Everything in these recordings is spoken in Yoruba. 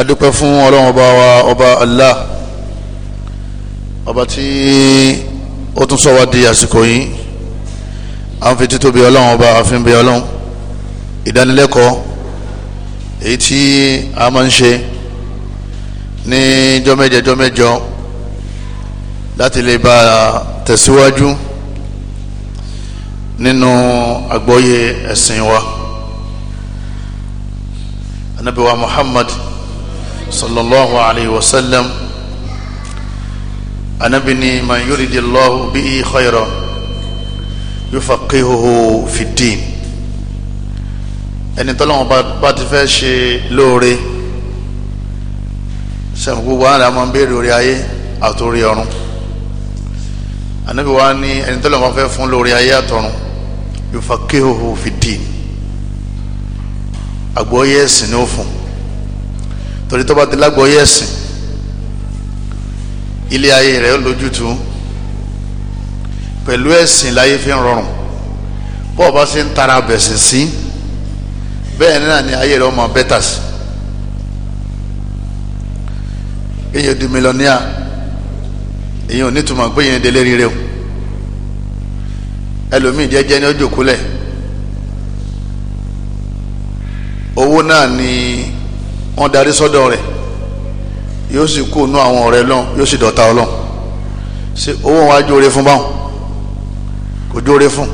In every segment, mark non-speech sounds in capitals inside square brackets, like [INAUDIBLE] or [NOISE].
adúpẹ́ fún ọlọ́run ọba wa ọba Allah ọba tí ó tún sọ wá di àsìkò yìí à ń fi títóbi ọlọ́run ọba àfin bí ọlọ́run ìdánilẹ́kọ̀ọ́ èyí tí a máa ń ṣe ní jọ́mẹ́jọ jọ́mẹ́jọ láti lè bá a tẹ̀síwájú nínú àgbọ́yé ẹ̀sìn wa anabiwa Muhammad. صلى الله عليه وسلم anabi ni man yuridi allahu bihi khayra yufaqihuhu fi din ẹni tọ́lọ́wọ́n bá ti fẹ́ ṣe lóore sẹ́wọ̀n gbogbo àwọn àmọ́ ń béèrè orí ayé àtòrí ọ̀run anabi wa ni ẹni tọ́lọ́wọ́n bá fẹ́ fún lóore ayé àtọ̀run yufaqihuhu fi din àgbọ́yé ẹ̀sìn ni ó torí tó bá ti lágbọ́yé ẹ̀sìn ilé ayé rẹ̀ lójútùú pẹ̀lú ẹ̀sìn láyé fi ń rọrùn bó o bá ṣe ń tara bẹ̀sìn sí bẹ́ẹ̀ náà ni ayé rẹ̀ ọmọ bẹ́tà sí èyàn di mílíọ̀nìyà èyàn ò pé èyàn délé rire o ẹlòmíì jẹ́jẹ́ ní ó jòkúlẹ̀ owó náà ni wọ́n darí sọ́dọ̀ rẹ̀ yóò sì kú nú àwọn ọ̀rẹ́ lọ́n yóò sì dọ̀tá ọlọ́n ṣe owó wọn ajóore fún báwọn kò jóore fún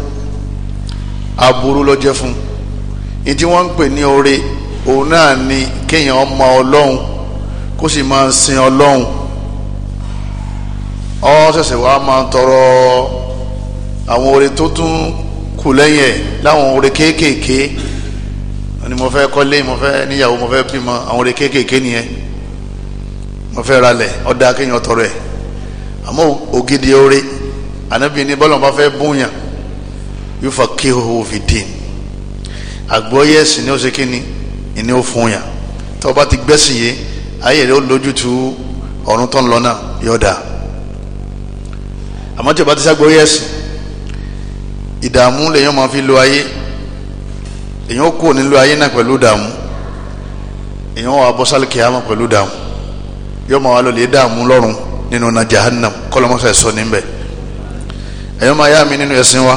aburú ló jẹ́ fún ní tí wọ́n ń pè ní oore òun náà ni kéèyàn ọmọ ọlọ́run kó sì máa ń sin ọlọ́run ọ ṣẹ̀ṣẹ̀ wàá máa ń tọrọ àwọn oore tó tún kù lẹ́yìn ẹ̀ láwọn oore kéékèèké. Ke ni mo fẹ́ kọ́lé mo fẹ́ níyàwó mo fẹ́ bímọ àwọn ọ̀rẹ́ kéékèèké nìyẹn mo fẹ́ ralẹ̀ ọ̀dà kéèyàn tọrọ ẹ̀ àmọ́ ògidì oore ànábì ní bọ́lọ̀ bá fẹ́ bóyàn yóò fà kí o fi dín ó ṣe kí ni ìní ó fún yàn tó o bá ti gbẹ́sìn yé ayé rẹ ó lójútu ọ̀run tó ń lọ náà yóò àmọ́ tí o bá ti ṣàgbọ́yé ẹ̀sìn ìdààmú lèyàn máa fi lo ayé èyàn kò nílò ayé náà pẹ̀lú dààmú èyàn wà bọ́ sálì kìámà pẹ̀lú dààmú yọ máa wà lọ́lẹ̀ dààmú lọ́rùn nínú na jahannam kọ́lọ́mọ́sá ẹ̀sọ́ níbẹ̀ ẹ̀yọ́ máa yá mi nínú ẹ̀sìn wa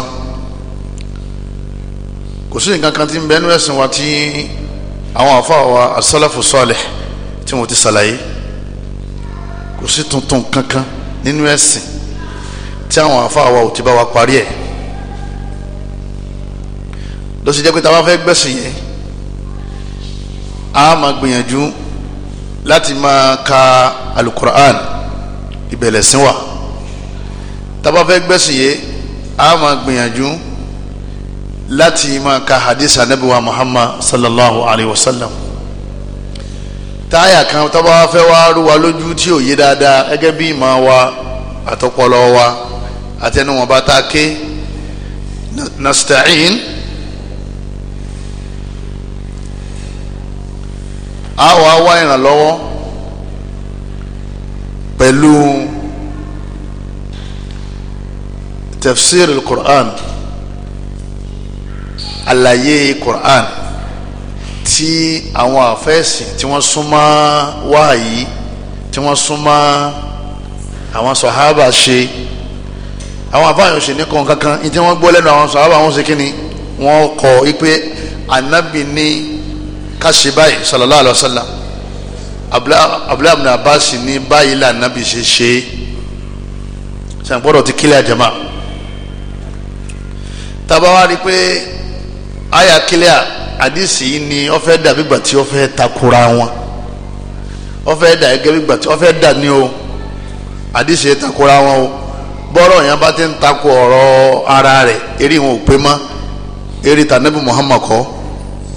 kò sí nǹkan kan tí ń bẹ nínú ẹ̀sìn wa tí àwọn àfa asálàfù sọ́ọ̀lẹ̀ tí wọ́n ti ṣàlàyé kò sí tuntun kankan nínú ẹ̀sìn tí àwọn àfa wa ò ti bá wa parí ẹ̀ ló sì jẹ́ pé táwa fẹ́ gbẹ̀sìn yẹn a máa gbìyànjú láti máa ka alukur'an ìbẹ̀lẹ̀ sí wa táwa fẹ́ gbẹ̀sìn yẹn a máa gbìyànjú láti máa ka hadith anabi wa muhammad sallallahu alayhi wa sallam táyà kan táwa fẹ́ wá rú lójú tí ò yé dáadáa gẹ́gẹ́ bí ìmọ̀ wa àtọpọlọ wa àtẹnuwọn bá ta ké nasta'in. Na a wà wá ìrànlọ́wọ́ pẹ̀lú tafsir al-Qur'an àlàyé Qur'an tí àwọn àfẹ́sìn tí wọ́n súnmọ́ wáyé tí wọ́n súnmọ́ àwọn sọ̀hábà ṣe àwọn àbáyọ̀ ṣe ní kọ̀ọ̀kan kan ní tí wọ́n gbọ́ lẹ́nu àwọn sahaba wọn ṣe kí ni wọ́n kọ̀ wípé anabi ni ká ṣe báyìí sallallahu alaihi wasallam abdullahi ibn abbas ní báyìí là nàbì ṣe ṣe sàǹgbọ́dọ̀ ti kílẹ̀ àjẹmà tábà wá rí i pé àyà kílẹ̀ àdìsí yìí ni ó fẹ́ dà bígbà tí ó fẹ́ takora wọn ó fẹ́ dà gẹ́gẹ́ bígbà tí ó fẹ́ dà ní o àdìsí yìí takora wọn o bọ́rọ̀ yẹn bá ti ń takò ọ̀rọ̀ ara rẹ̀ eré wọn ò pé mọ́ eré tànàbí muhammad kọ́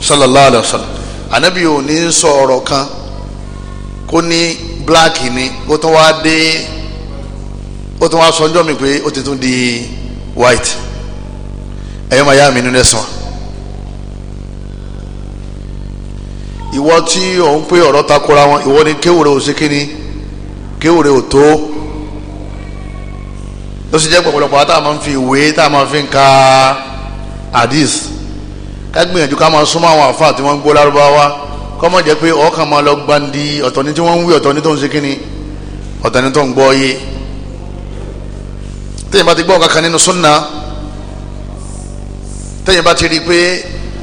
sallallahu alaihi wasallam anabi ò ní sọ ọ̀rọ̀ kan kó ní black ni ó tún wá dé ó tún wá sọjọ́ mi pé ó ti tún di white ẹ̀yọ́ máa yá mi nínú ẹ̀sán ìwọ tí òun pé ọ̀rọ̀ takora wọn ìwọ ni kéwòrè ò sí kíni kéwòrè ò tó ló sì jẹ́ pọ̀pọ̀lọpọ̀ tá a máa ń fi ìwé tá a máa fi ń ka hadith ká gbìyànjú ká máa súnmọ́ àwọn àfa tí wọ́n ń gbọ́ lárúbáwá kọ́mọ̀ jẹ́ pé ọkàn máa lọ gbandi ọ̀tọ̀ ní tí wọ́n ń wí ọ̀tọ̀ ní tó ń ṣe kíni ọ̀tọ̀ ní tó ń gbọ́ yé téèyàn bá ti gbọ́ nǹkan kan nínú súnà téèyàn bá ti rí i pé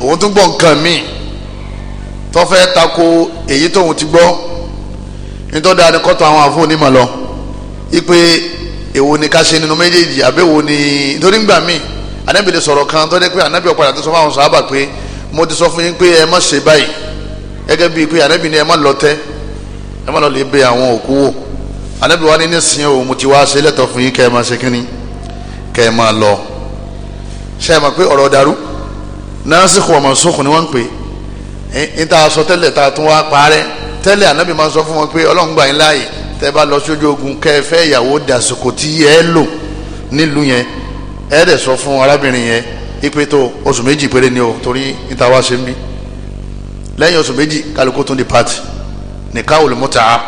òun tún gbọ́ nǹkan míì tó fẹ́ tako èyí tóun ti gbọ́ nítorí dáa ni kọ́tọ̀ àwọn àfọ̀ onímọ̀ lọ ipe èwo ni ká ṣe nínú méjèèjì àbẹ̀wò ni nítorí ńgbà míì anabi lè sọ̀rọ̀ kan tó dé pé anabi ọ̀padà tó sọ fún àwọn sàábà pé mo ti sọ fún yín pé ẹ má ṣe báyìí gẹ́gẹ́ bíi pé anabi ni ẹ má lọ tẹ́ ẹ má lọ lè bẹ àwọn òkú wò anabi wa ní nísìnyí o mo ti wá ṣe lẹ́tọ̀ fún yín kẹ́ ẹ má ṣe kínní kẹ́ ẹ má lọ ṣe é ma pé ọ̀rọ̀ dàrú násìkò ọmọ sókò ni wọ́n ń pè é níta sọ tẹ́lẹ̀ ta tún wá parẹ́ tẹ́lẹ̀ anabi máa sọ fún wọn pé ọlọ́run gbà yín láàyè tẹ́ bá lọ sójú ogun kẹ́ ẹ ẹ dẹ̀ sọ fún arábìnrin yẹn ipe tó oṣù méjì péré ni o torí níta wá ṣe ń bí lẹ́yìn oṣù méjì kálukú tún di pati nìka olùmọ́ta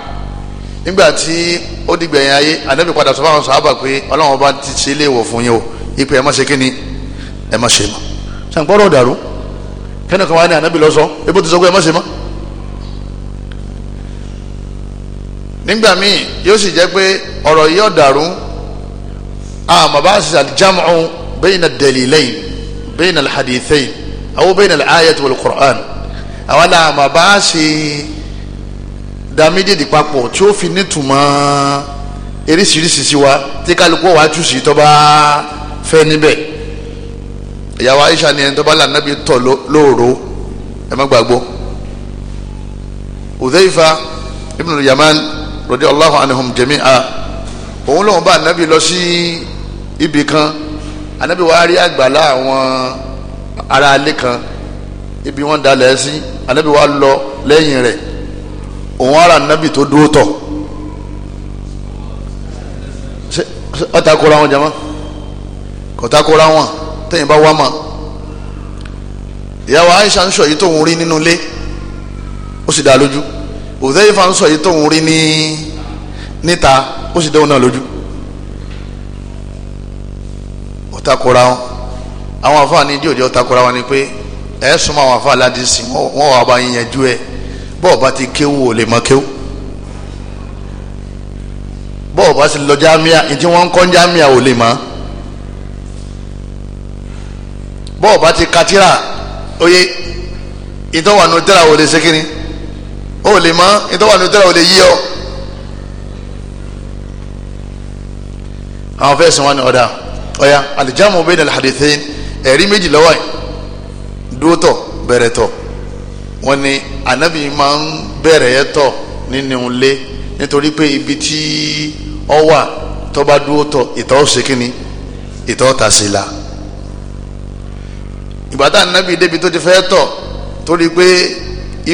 nígbà tí ó dìgbẹ̀yìn ayé ànábì padà sọ fáwọn sàábà pé ọlọ́run bá ti ṣe léèwọ̀ fún yín o ipe ẹ má ṣe kíni ẹ má ṣe mọ́ sàǹgbọ́rọ̀ dàrú kẹ́nìkan wá ní ànábì lọ́sọ ebó ti sọ pé ẹ má ṣe mọ́ nígbà míì yóò sì jẹ́ pé ọ̀rọ̀ yìí ó àmọ́ bá ṣe aljamu bayna ad-dalilayn bayna al-hadithayn aw bayna al-ayati wal-Qur'an àwọn àmọ́ bá ṣe da méjèèjì papọ̀ tí ó fi nítumọ̀ eríṣiríṣi sí wa tí kálukú wa tú sí tó bá fẹ́ níbẹ̀ ìyàwó Aisha ni ẹni tó bá là nábì tọ̀ lóòró ẹ má gbàgbọ́ Udhaifa ibn al-Yaman radiyallahu anhum jami'a òun lòun bá nábì lọ sí. Si, ibì kan anabi wa rí àgbàlá àwọn ará ilé kan ibi wọn dalẹ̀ sí anabi wa lọ lẹ́yìn rẹ̀ òun ara anabi tó dúró tọ̀ ọta kóra wọn jama kọta kóra wọn tẹ̀yìn bá wá mọ̀ ìyàwó Aisha ń sọ yìí tóun rí nínú ilé ó sì dá lójú Uzaifa ń sọ yìí tóun rí ní níta ó sì dá náà lójú. takora wọn àwọn afa ni díò díò takora wọn ni pé ẹ súnmọ́ àwọn afa aládìsí wọn wà bá yín yanjú ẹ bọ́ọ̀ bá ti kéwù ò lè mọ kéwù bọ́ọ̀ bá sì lọ jámíà ìdí wọn ń kọ́ jámíà ò lè mọ́ bọ́ọ̀ bá ti katira oye ìtọ́wànú tẹ́ra ò lè ṣe kínní ó lè mọ́ ìtọ́wànú tẹ́ra ò lè yí ọ. àwọn fẹ́ẹ́ wọn ní ọ̀dà ọ̀ya alijamu bẹ́ẹ̀ ni alhadithin ẹ̀rí méjì lọ́wọ́ yìí dóòtọ̀ bẹ̀rẹ̀ tọ̀ wọ́n ní anabi máa ń bẹ̀rẹ̀ yẹ tọ̀ nínú ilé nítorí pé ibi tí ọ wà tó bá dóòtọ̀ ìtọ̀ ṣe kínní ìtọ̀ ta sí la anabi débi tó ti fẹ́ tọ̀ torí pé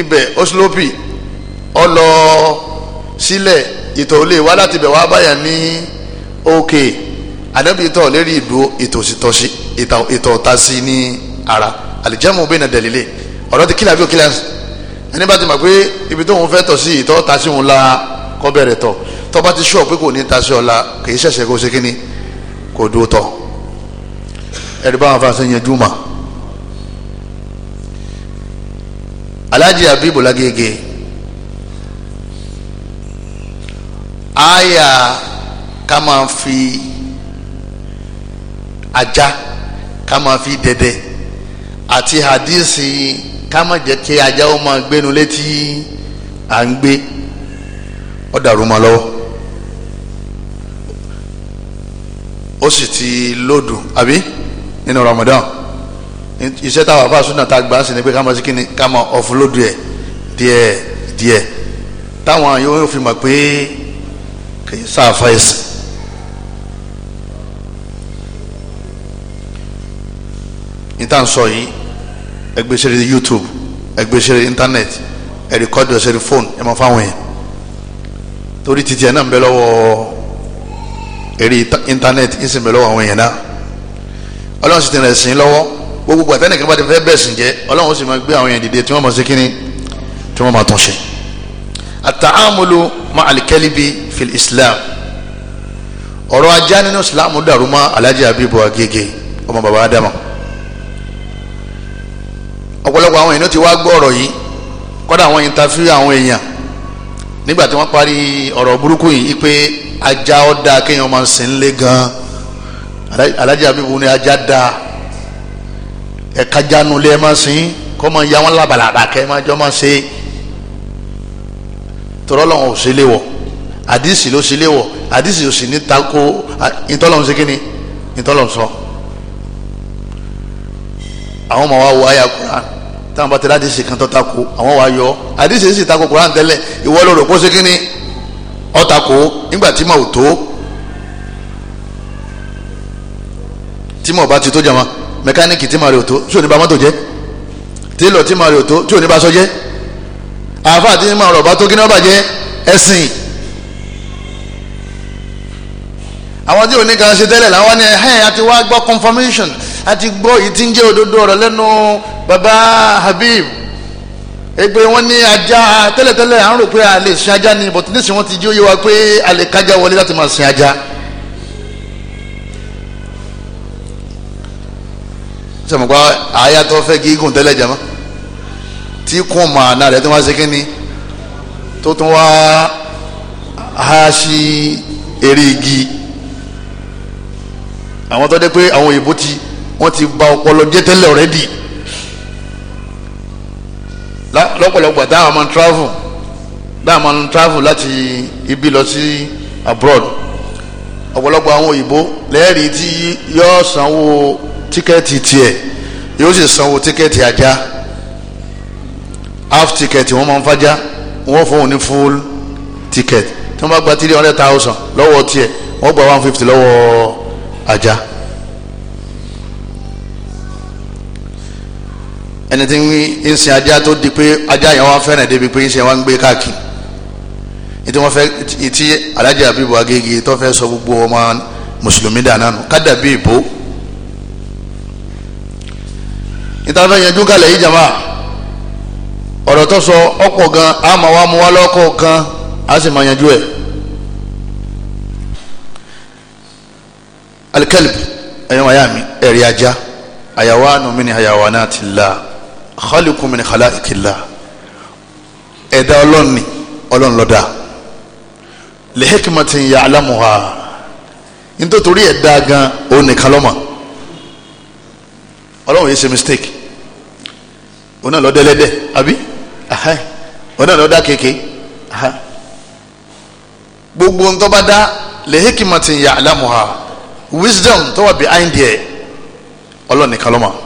ibẹ̀ oslopi ọ lọ sílẹ̀ ìtọ̀ olè wá láti bẹ̀ wá báyà ní òkè. Okay anabi tọ̀ lérí ìdó ìtòsítọ́sí ìtọ̀ọ̀tasí ní ara àlìjẹ́mu bẹ́ẹ̀ na dẹ̀lílé ọ̀rọ̀ ti kílà bí kila kílà ẹni bá ti mọ̀ pé ibi tó ń fẹ́ tọ̀ sí ìtọ̀ọ̀tasí òun la kọ́ bẹ̀rẹ̀ tọ̀ tọ́ bá ti sọ̀ pé kò ní tasí ọ̀la kì í ṣẹ̀ṣẹ̀ kó ṣe kíni kò dúró tọ̀ ẹ̀rí báwọn afáṣẹ́ yẹn júmọ̀ alhaji abibu lagege aya kama máa fi ajá ká máa fi dẹdẹ àti hadisi ká má jẹ́ kí ajá ó máa gbénu létí à ń gbé ó dàrú ma lọ́wọ́ ó sì ti lódùn àbí nínú Ramadan iṣẹ́ táwọn afa sunna ta gbà sí ni pé ká máa sí kíni ká máa ọ̀fun lódù ẹ̀ díẹ̀ díẹ̀ táwọn yóò fi mọ̀ pé kì í sáà fa ẹ̀sìn. tá à ń sọ yìí ẹ gbé sẹ́rí youtube ẹ gbé sẹ́rí internet ẹ rìkọ́dù ẹ sẹ́rí fóònù ẹ máa fáwọn yẹn torí titi ẹ náà ń bẹ lọ́wọ́ eré internet ń sì ń bẹ lọ́wọ́ àwọn yẹn náà ọlọ́run sì ti rẹ̀ sìn lọ́wọ́ gbogbo àtẹnìkan bá ti fẹ́ bẹ̀ sìn jẹ́ ọlọ́run sì máa gbé àwọn yẹn dìde tí wọ́n máa ṣe kínní tí wọ́n máa tún ṣe àtàámúlò ma alikẹ́líbi fil islam ọ̀rọ̀ ajá nínú islam dàrú mọ́ alájà abibu agége ọmọ baba adama ọ̀pọ̀lọpọ̀ àwọn èèyàn ti wá gbọ́ ọ̀rọ̀ yìí kọ́dà àwọn interview àwọn èèyàn nígbà tí wọ́n parí ọ̀rọ̀ burúkú yìí pé ajá ọ́ da kéèyàn máa sìn lé gan alájà bíbu ni ajá da ẹ̀ka jánu lé ẹ máa sìn kọ́ máa ya wọn labalaba kẹ́ ẹ máa jọ máa ṣe tọ́lọ́lọ́wọ́n ò sí lé wọ̀ àdìsí ló sí lé wọ̀ àdìsí ò sì ní tako ìtọ́lọ́wọ́n ṣe kí ni ìtọ́lọ́wọ́n sọ. So àwọn ọmọ wa wo àyà Qur'an táwọn bá tẹ̀lé àdìsí kan tó tako àwọn wa yọ àdìsí sì tako Qur'an tẹ́lẹ̀ ìwọ ló rò pósí kínní ọ̀tako nígbà tí mà tó tí mà bá ti tó jama mẹkáníìkì tí mà rè ò tó tí ò ní ba mọ́tò jẹ́ télọ̀ tí mà rè ò tó tí ò ní ba sọ jẹ́ àfa àti mà rọ̀ bá tó kí ní wọ́n bàjẹ́ ẹ̀sìn àwọn tí ò ní kan ṣe tẹ́lẹ̀ làwọn ni ẹ̀ ẹ́ àti wá gbọ́ confirmation àti gbọ́ èyí tí ń jẹ́ òdodo ọ̀rọ̀ lẹ́nu baba Habib egbe wọn ní ajá tẹ́lẹ̀tẹ́lẹ̀ à ń rò pé a lè sin ajá ni but nísìnyí wọ́n ti jí ó yé wa pé a lè kájá wọlé láti máa sin ajá. sọmọgbà àyàtọ̀ fẹ́ kí igun tẹ́lẹ̀ jẹ́ mọ́ tí kún mọ́ àná rẹ̀ tí wọ́n á ni tó tún wá há sí eré igi àwọn tó dé pé àwọn òyìnbó ti wọ́n ti ba ọpọlọ jẹ́ tẹ́lẹ̀ ọ̀rẹ́dì lọ́pọ̀lọpọ̀ táwọn máa ń travel táwọn máa ń travel láti ibi lọ sí abroad ọ̀pọ̀lọpọ̀ àwọn òyìnbó lẹ́ẹ̀rí tí yóò sanwó tíkẹ́ẹ̀tì tiẹ̀ yóò sì sanwó tíkẹ́ẹ̀tì ajá half ticket wọ́n máa ń fajá wọ́n fóun ní full ticket tí wọ́n bá gba three hundred thousand lọ́wọ́ tiẹ̀ wọ́n gba one fifty lọ́wọ́ ajá. ẹni tí ń sin ajá tó di pé ajá yẹn wá fẹ́ràn débi pé ń sin wá ń gbé káàkiri ìtí wọ́n fẹ́ ìtí alájà bíbọ agége tó fẹ́ sọ gbogbo ọmọ mùsùlùmí dáná nù kádàbí ìbò ìtàfẹ́ yẹn dúkàlẹ̀ yìí jàmá ọ̀rọ̀ tó sọ ọ̀pọ̀ gan àmọ́ wa mú wa lọ́kọ̀ kan a sì máa yanjú ẹ̀ alikẹ́lì ẹ̀yàn wáyà mi ẹ̀rí ajá àyàwó àánú mi ni àyàwó náà ti la khaliqu min khalaiqillah ẹ̀dá ọlọ́run ni ọlọ́run ló dá li hikmatin ya'lamuha nítorí ẹ̀dá gan òun nìkan ló mọ̀ ọlọ́run yìí ṣe mistake òun náà ló dá ẹlẹ́dẹ̀ àbí òun náà ló dá kéèké gbogbo ń tó bá dá li hikmatin ya'lamuha wisdom tó wà behind ẹ̀ ọlọ́run nìkan ló mọ̀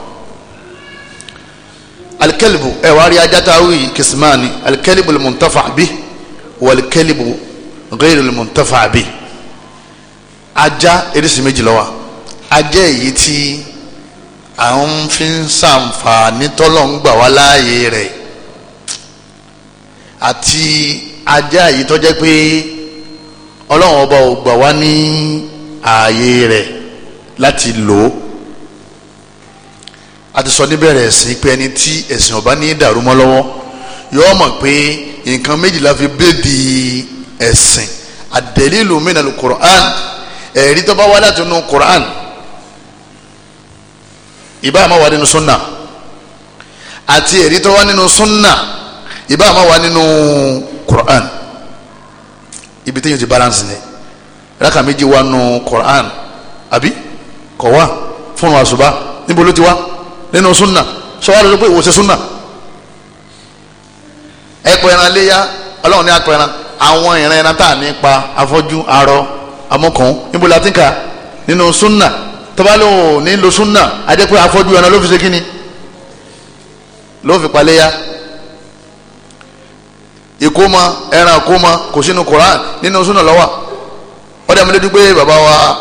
alikẹ́lìbù ẹ wàá rí ajátaawí kìsìmáàni alikẹ́lìbù lè mọ̀ntàfà bí wà alikẹ́lìbù gẹ́rì lè mọ̀ntàfà bí ajá eréṣin méjì ló wà ajá èyí tí à ń fi ń sàǹfààní tọ́lọ̀ ń gbà wá láàyè rẹ̀ àti ajá èyí tó jẹ́ pé ọlọ́run ọba ò gbà wá ní ààyè rẹ̀ láti lò ó a ti sọ níbẹ̀rẹ̀ ẹ̀sìn pé ẹni tí ẹ̀sìn ọba ní dàrú mọ́ lọ́wọ́ yóò mọ̀ pé nǹkan méjì la fi bèèdì ẹ̀sìn àdẹ̀lílù mìíràn lu Qur'an ẹ̀rí tó bá wá láti inú Qur'an ìbá àmọ́ wà nínú sunna àti ẹ̀rí tó wá nínú sunna ìbá àmọ́ wà nínú Qur'an ibi tí yóò ti balance ni raka méjì wà nínú Qur'an àbí kọ̀ wá fún wa àṣùbà níbo ló ti wá nínú súnà sọwọ́n lọ́dún pé ìwòsàn súnà ẹ̀pọ̀ ẹran léyà ọlọ́run ní apẹ̀ ẹran àwọn ìran ẹran tá à ní pa afọ́jú arọ amọ́kàn níbo la ti ń kà nínú súnà tọ́ba ló ní lo súnà ajẹ́ pé afọ́jú ẹran ló fi ṣe kí ni ló fi pa léyà ìkómọ ẹran ìkómọ kò sínú koran nínú súnà lọ́wọ́ ọ̀dà mi lójú pé bàbá wa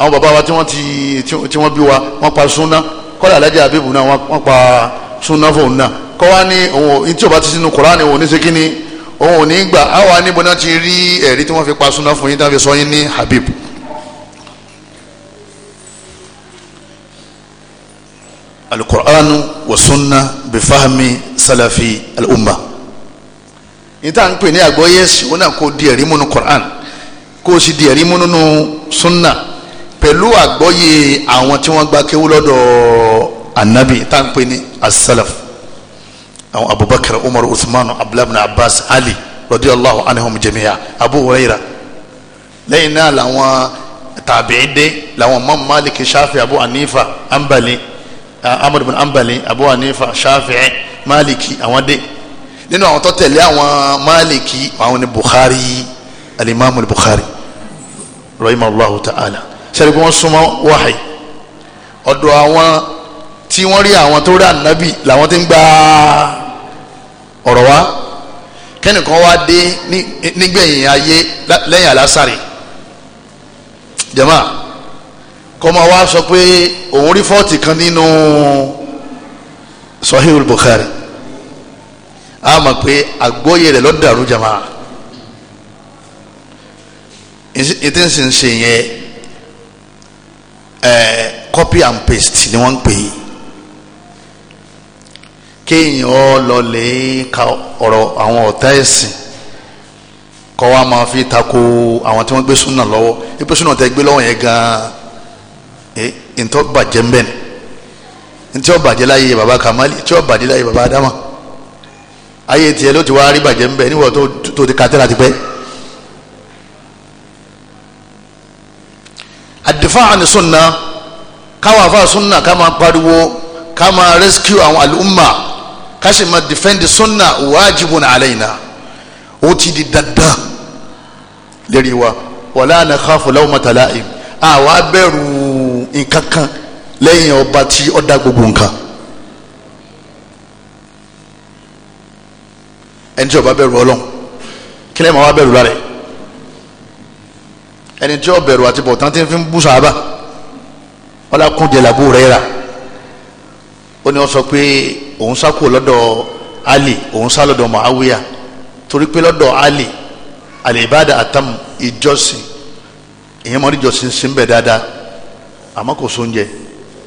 àwọn bàbá wa tí wọ́n ti tí wọ́n bí wa wọ́n pa súnà kọ́lá alájà abibu náà wọ́n pa sunna fóun náà kọ́ wá ní òun tí o bá ti sínú kuraani òun ní segin ni òun ò gbà á wà níbo náà ti rí ẹ̀rí tí wọ́n fi pa sunna fún yín tí wọ́n fi sọ yín ní habib. alukur'anu wa sunna bifahmi salafi al'umma níta ń pè ní àgbọ́yé ẹ̀sìn wọn náà kó di ẹ̀rí múnú kur'an kó o sì di ẹ̀rí múnú sunna pẹ̀lú àgbọ́yé àwọn tí wọ́n gba kéwú lọ́dọ̀ anabi tá n pè ní asalaf àwọn abubakar umar usman abdullahi abbas ali radiyallahu anhum jamiya abu huraira lẹ́yìn náà làwọn tàbíìdé làwọn mọ́mú malik shafi abu hanifa ambali amadu bin ambali abu hanifa shafi maliki àwọn dé nínú àwọn tó tẹ̀lé àwọn maliki àwọn ni bukhari alimami bukhari rahimahullahu ta'ala sẹ́ni pé wọ́n súnmọ́ wáhàyí ọ̀dọ̀ àwọn tí wọ́n rí àwọn tó rí ànábì làwọn ti ń gba ọ̀rọ̀ wa kẹ́nìkan wá dé nígbẹ̀yìn ayé lẹ́yìn àlásàrè jẹ́mà kọ́mọ wa sọ pé òun rí fọ́ọ̀tì kan nínú Sahihul Bukhari a mọ̀ pé àgbóyè rẹ̀ ló dàrú jẹ́mà ṣe yẹn ẹ eh, copy and paste ni wọ́n ń pè é kéèyàn ọ lọlẹ̀ ka ọ̀rọ̀ àwọn ọ̀tá ẹ̀sìn kọ́ wa máa fi tako àwọn tí wọ́n gbé súnà lọ́wọ́ ipò súnà tẹ gbé lọ́wọ́ yẹn gan-an ẹ eh, ntọ́ bàjẹ́ ni ntí ọ bàjẹ́ láyé baba kamali ntí ọ bàjẹ́ láyé baba adama ayé tiẹ̀ ló ti wá rí bàjẹ́ ń bẹ̀ níwọ̀ tó ti kàtẹ́ láti pẹ́. dìfá àni sunna káwọn afa sunna ká máa pariwo ká máa rescue àwọn al'umma ká sì máa defend sunna wajibun alayna ó ti di dandan lérí wa wala nakhafu lawmata la'im àwa bẹ̀rù nǹkan kan lẹ́yìn ọba tí ó dá gbogbo nǹkan. ẹni tí ó bẹ̀rù Ọlọ́run kí máa wá bẹ̀rù lára ẹ̀ ẹni tí ó bẹ̀rù àti bọ̀tán tí ń fi ń bú sàábà wọn lákúndé làbú rẹ rà ó ní wọn sọ pé òun sá lọ́dọ̀ Ali òun sá lọ́dọ̀ Muawiya torí pé lọ́dọ̀ Ali alibada atam ìjọsìn ìyẹn mọ́ níjọsìn sí ń bẹ̀ dáadáa àmọ́ kò sóúnjẹ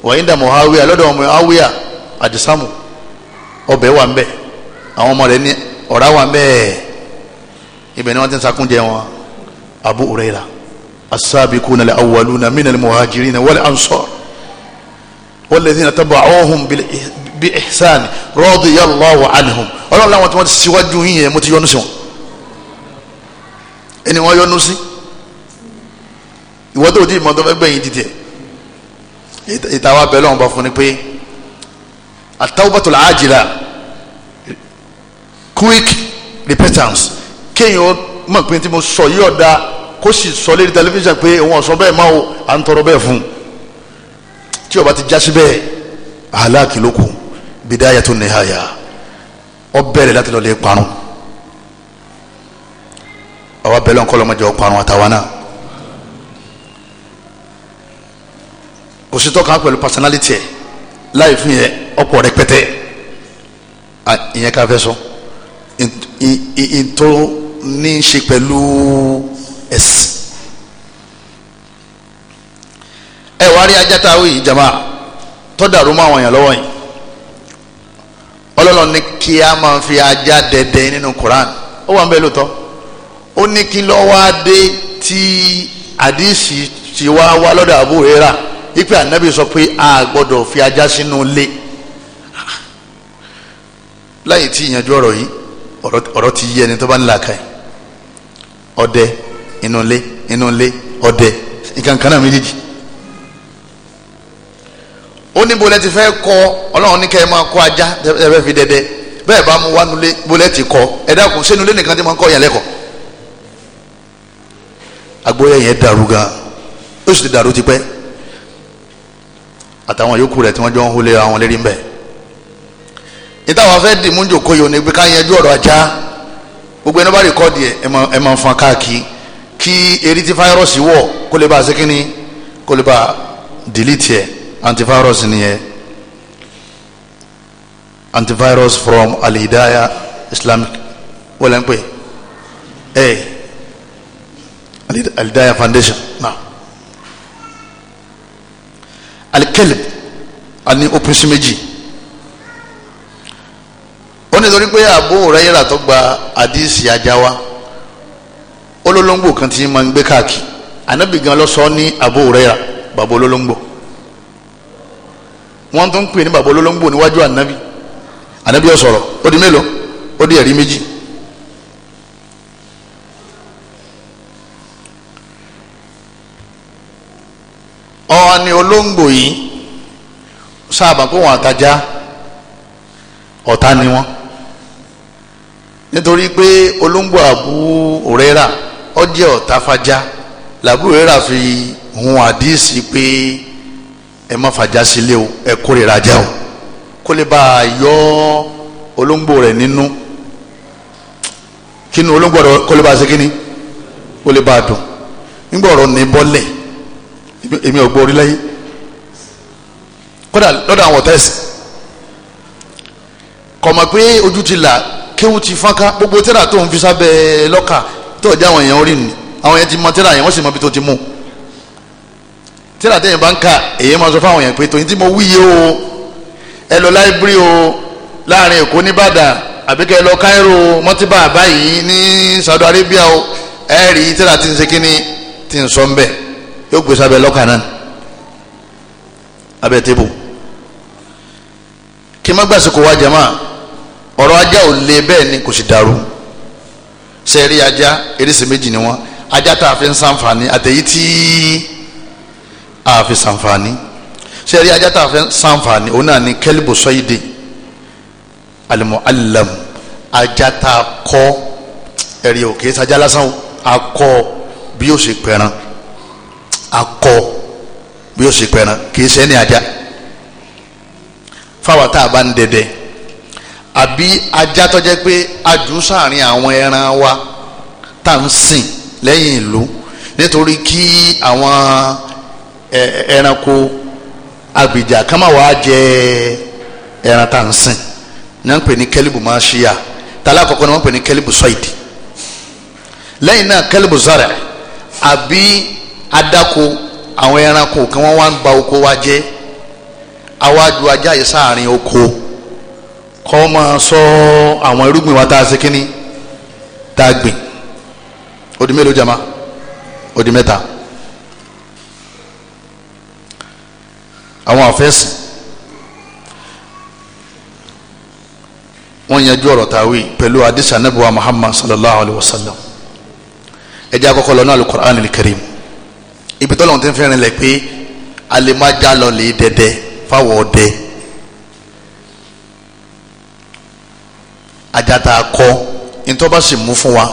wàyí dà Muawiya lọ́dọ̀ Muawiya àdìsámù ọbẹ̀ wà ń bẹ̀ àwọn ọmọ rẹ̀ ní ọ̀rá wà ń bẹ̀ ibẹ̀ ni wọ́n ti sakúnjẹ wọn Abu Huraira. السابقون الأولون من المهاجرين والأنصار والذين تبعوهم بإحسان رضي الله عنهم ọlọ́run láwọn tí wọ́n ti síwájú yín yẹn mo ti yọ́nú sí wọn ẹni wọ́n yọ́nú sí ìwọ́n tó di ìmọ̀ tó fẹ́ gbẹ̀yìn dìde ìta wa bẹ̀rẹ̀ wọn bá fún ni pé at-tawbatul ajila quick repentance kéèyàn mọ̀ pé tí mo sọ yí ọ̀dà kó sì sọ lérí tẹlifíṣàn pé òun ọ̀sán bẹ́ẹ̀ máa wo à ń tọrọ bẹ́ẹ̀ fún un tí ó ti jásí bẹ́ẹ̀ aláàkì ló kù bidaya tó nìhaya ọ bẹ̀rẹ̀ láti lọ́ọ́ lè parun àwa bẹ̀rẹ̀ lọ́n kọ́lọ́mọdé ọ àtàwọn náà kò sí tọ́ka pẹ̀lú personality ẹ̀ láì fún yẹn ọ̀pọ̀ rẹpẹtẹ ìyẹn ká fẹ́ sọ ìtò ní í ṣe pẹ̀lú ẹ̀sìn. ẹ wá rí ajá jama tó roma mọ́ àwọn èèyàn lọ́wọ́ yìí ọlọ́run fi ajá dẹdẹ nínú Quran o wà ń bẹ lóòótọ́ ó ní kí lọ́ wá ti wá wá lọ́dọ̀ Abu Hurairah ipe anabi sọ pé a gbọ́dọ̀ fi ajá sínú ilé láyé tí ìyànjú ọ̀rọ̀ yìí ọ̀rọ̀ ti yé ẹni tó bá ń là ọdẹ inú ilé inú ilé ọdẹ nǹkan kan náà méjèèjì ó ní bólẹ́tì fẹ́ kọ ọlọ́run ní kẹ́ ẹ máa kọ ajá ẹ fẹ́ fi dẹdẹ bẹ́ẹ̀ bá mu wá nulẹ̀ bólẹ́tì kọ ẹ dákun sínú ilé nìkan tí máa ń kọ yẹn lẹ́kọ̀ọ́ agbóyè yẹn dàrú gan ó sì ti dàrú tipẹ́ àtàwọn yòókù rẹ̀ tí wọ́n jọ ń hólé àwọn lérí ń bẹ̀ ìtawà fẹ́ dìmú jòkó yòó ni pé ká yẹn ju ọ̀rọ̀ ajá gbogbo ẹni bá rìkọ́ọ̀dì ẹ̀ ẹ̀ máa ń fọn káàkiri kí eri tí fáírọ́ọ̀sì wọ̀ kó lè ba ṣékíní kó lè ba delete yẹ antivirus nìyẹn antivirus from alidaya islamic wọlé ń pè ẹ alidaya foundation náà alikelib ani operation méjì ó ní torí pé àbó rẹ́yìnrà tó gba àdìsí ajá wa olólóńgbò kan tí máa ń gbé káàkiri anabi gan lọ sọ ní Abu Huraira bàbá olólóńgbò wọn tún ń pè ní bàbá olólóńgbò níwájú anabi anabi ó sọ̀rọ̀ ó di mélòó ó di ẹ̀rí méjì ọ̀hún ni olóńgbò yìí sábà kó wọn àtajà ọ̀tá ni wọn nítorí pé olóńgbò Abu Huraira ó jẹ́ ọ̀tá fajá làbúrò rẹ̀ fi hun àdíìsì pé ẹ má fajá sílé o ẹ kórìíra já o kó lè bá a yọ olóńgbò rẹ̀ nínú kínú olóńgbò rẹ̀ kó lè bá a ṣe kíní kó lè bá a dùn nígbà ọ̀rọ̀ ní bọ́lẹ̀ èmi ò gbọ́ orí láyé kódà lọ́dọ̀ àwọn ọ̀tá ẹ̀sìn kọ̀mọ̀ pé ojú ti là kéwù ti fọ́nká gbogbo tẹ́lá tó ń fi sábẹ́ lọ́kà tó ọjà àwọn èèyàn orí ni àwọn èèyàn ti mọ tíra yẹn wọ́n sì mọ ibi tó ti mú tíra tẹ̀yìn bá ń ka èyí máa sọ fáwọn èèyàn pé tòyìn tí mo wíyé o ẹ lọ láìbírí o láàrin èkó nìbàdàn àbíkẹ́ lọ káírò mọ́tíbà báyìí ní Saudi Arabia o ẹ rí tíra ti ń ṣe kíní ti ń sọ ń bẹ̀ yóò gbé sábẹ́ lọ́kàn náà abẹ́ tébù kí n má gbàsíkò wá máa ọ̀rọ̀ ajá ò le bẹ́ẹ̀ ni kò sì dàrú sẹ́ẹ̀rí ajá eréṣẹ́ méjì ni wọ́n ajá tá a fi ń sànfàní àtẹ̀yí tí a fi sànfàní sẹ́ẹ̀rí ajá tá a fi ń sànfàní òun náà ni kẹ́líbù sọ́yìdì alimọ̀ alam ajá tá a kọ́ ẹ̀rí òkè sájà lásán akọ bí ó ṣe pẹ̀ràn akọ bí ó ṣe pẹ̀ràn kì í ṣe ẹni ajá fáwọn tá a bá ń dẹdẹ àbí ajá tó jẹ́ pé ajù sàárín àwọn ẹran wa tá ń sìn lẹ́yìn ìlú nítorí kí àwọn ẹranko agbèjà kan máa wá jẹ ẹran tá ń sìn náà ń pè ní kẹ́líbù máa ṣíyà tàlá àkọ́kọ́ ni wọ́n pè ní kẹ́líbù sọ́ìdì lẹ́yìn náà kẹ́líbù zara àbí adako àwọn ẹranko kan wọ́n wá ń ba oko wa jẹ́ awájú ajá yìí sáàrin oko kọ́ máa sọ àwọn irúgbìn wa tá a ṣe kínní tá a gbìn ó mélòó jama ó mẹ́ta àwọn àfẹ́sì wọ́n yanjú ọ̀rọ̀ tàwí pẹ̀lú adisa anabiwa muhammad sallallahu alayhi wa sallam ẹ jẹ́ àkọ́kọ́ lọ́nà alukur'an alikarim ibi tọ́lọ́hún ti ń fẹ́ràn lẹ̀ pé a lè dẹ́dẹ́ fáwọ̀ ọdẹ. àjàtà akọ ntọ́ba sì mú fún wa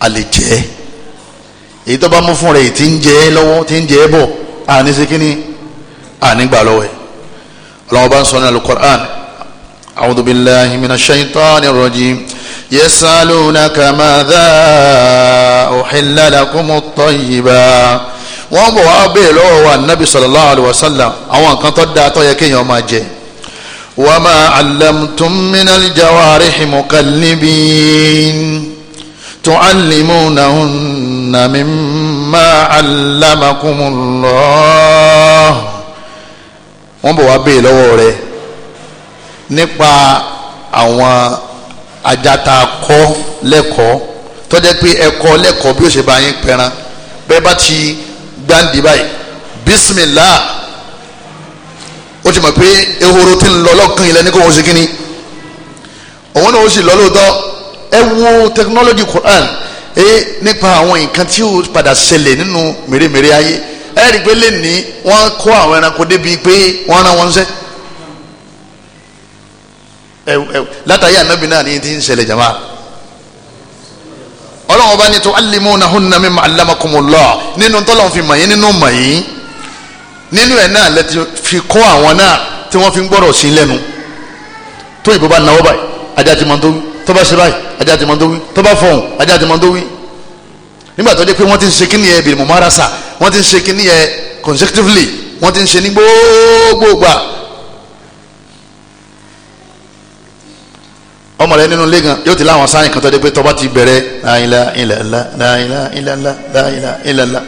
a lè jẹ́ èyí tọ́ba mú fún rẹ̀ tí ń jẹ́ lọ́wọ́ tí ń jẹ́ bọ̀ àní sikini àní gbà lọ́wọ́ ẹ̀ ọlọ́wọ́ bá ń sọ ní alukur'an a'udhu billahi minash shaitani rrajim yasalunaka madha uhilla lakumut tayyiba wọ́n bọ̀ wá bẹ́ẹ̀ lọ́wọ́ wa nabi sallallahu alayhi wa sallam àwọn nǹkan tó dáa tó yẹ kéèyàn máa jẹ́ وما علمتم من الجوارح مقلبين تعلمونهن مما علمكم الله wọ́n bọ̀ wá béè lọ́wọ́ rẹ̀ nípa àwọn ajata kọ́ lẹ́kọ̀ọ́ tó pé ẹ̀kọ́ lẹ́kọ̀ọ́ bí ó ṣe bá yín pẹran bẹ́ẹ̀ bá ti gbáǹdì báyìí bísímìlá ti mọ̀ pé ehoro ti ń lọ lọ́kàn ilẹ̀ ní kò wọ́n ṣe kínní òun náà ó sì lọ lóòótọ́ ẹ wo technology Quran ẹ nípa àwọn nǹkan tí ó padà ṣẹlẹ̀ nínú mèremère ayé ẹ rí i pé lẹ́ni wọ́n kó àwọn ẹranko débi pé wọ́n rán wọn ṣẹ́ ẹ ẹ látàyé ànábì náà ni ti ń ṣẹlẹ̀ jama ọlọ́run ọba ni tó alimu nahunna mimma allamakumullah nínú tọ́lọ́run fi mọ̀ yín nínú mọ̀ yín nínú ẹ̀ náà lẹ́tí fi kọ́ àwọn náà tí wọ́n fi ń gbọ́rọ̀ sí lẹ́nu tó ìbò bá nawọ́ báyìí ajá ti máa ń tó wí tó bá ṣe báyìí ajá ti máa ń tó wí tó bá fọ̀hún ajá ti máa ń tó wí nígbà tó jẹ́ pé wọ́n ti ń ṣe kí ni ẹ bìrì mọ̀márasà wọ́n ti ń ṣe kí ni ẹ consecutively wọ́n ti ń ṣe ní gbogbogbà ọmọ rẹ nínú ilé gan yóò ti láwọn sáyìn kan tó dé pé tọba ti bẹ̀rẹ̀ láyìnlá ìlàlá láyìnlá ìlàlá láyìnlá ìlàlá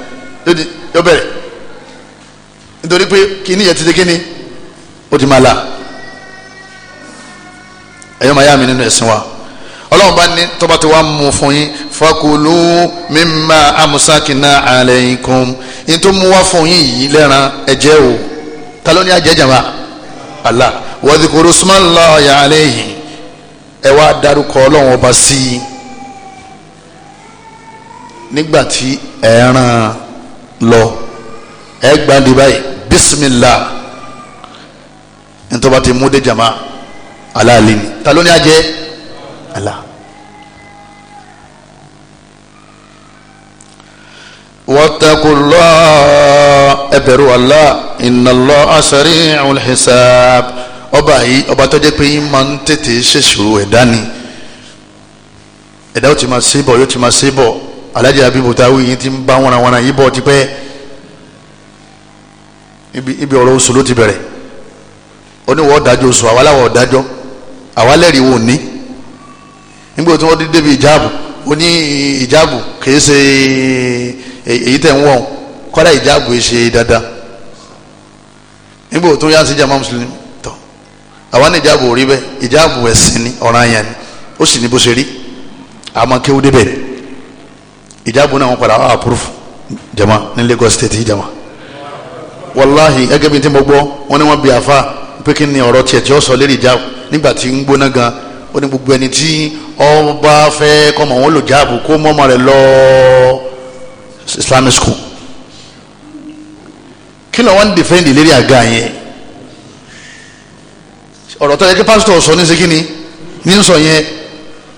yóò bẹ̀rẹ̀ nítorí pé kíní yẹn ti di kíní ó ti máa la ẹ̀yọ́ máa yá mi nínú ẹ̀sìn wa ọlọ́run bá ní tọ́ba tí wàá mú fún yín fakulu mimma amusakina alaykum yín tó mú wá fún yín yìí lẹ́ran ẹ̀jẹ̀ o ta ló ní ajẹ́ jàmbá Allah wadhkuru ismallahi alayhi ẹ wá darúkọ ọlọ́run ọba sí i nígbà tí ẹ̀ràn lọ ẹ gbàdúrà báyìí bisimilah ntọ́ba ti múdé jama aláàlẹ́ ni ta ló ní ajẹ́ Allah wọ́tẹ́kùlọ́ ẹbẹ̀rù Allah ìnàlọ́ àṣẹrí ìrùn hisab ọba yìí ọba tó jẹ́ pé yín máa ń tètè ṣèṣirò ẹ̀dá ni ẹ̀dá ó ti máa ṣe bọ̀ yóò ti máa ṣe bọ̀ alájà bíbù táwí yín ti ń bá wọnàwọnà yìí bọ̀ tipẹ́ ibi ibi ọ̀rọ̀ oṣù ló ti bẹ̀rẹ̀ oníwọ̀ ọ̀dájọ́ oṣù àwa láwọ̀ ọ̀dájọ́ àwa lẹ́rìí wò ní nígbà tí wọ́n dé débi ìjáàbù ó ní ìjáàbù kìí ṣe e, èyí tẹ̀ ń wọ̀n kọ́dà ìjáàbù yìí ṣe dáadáa nígbà tí wọ́n yá sí jama muslim tọ̀ àwa ní ìjáàbù ò rí bẹ́ẹ̀ ìjáàbù ẹ̀sìn ni ọ̀ranyàn ni ó sì ní bó ṣe rí àmọ́ kéwú débẹ̀ ìjáàbù náà wọ́n padà wà àpúrúfù jama ní Lagos state jama wàláhì gẹ́gẹ́ bí n ti mọ gbọ́ wọn ni wọn bí àfa pé kí ni ọ̀rọ̀ tiẹ̀ tí ó sọ lérí ìjà nígbà tí ń gbóná gbogbo ẹni tí ọba fẹ́ kọ́mọ wọn lò jáàbù kó mọ́mọ́ lọ Islamic school kí ló wọ́n ń dìfẹ́ǹdì lérí àga yẹn ọ̀rọ̀ tó sọ ní ní sọ yẹn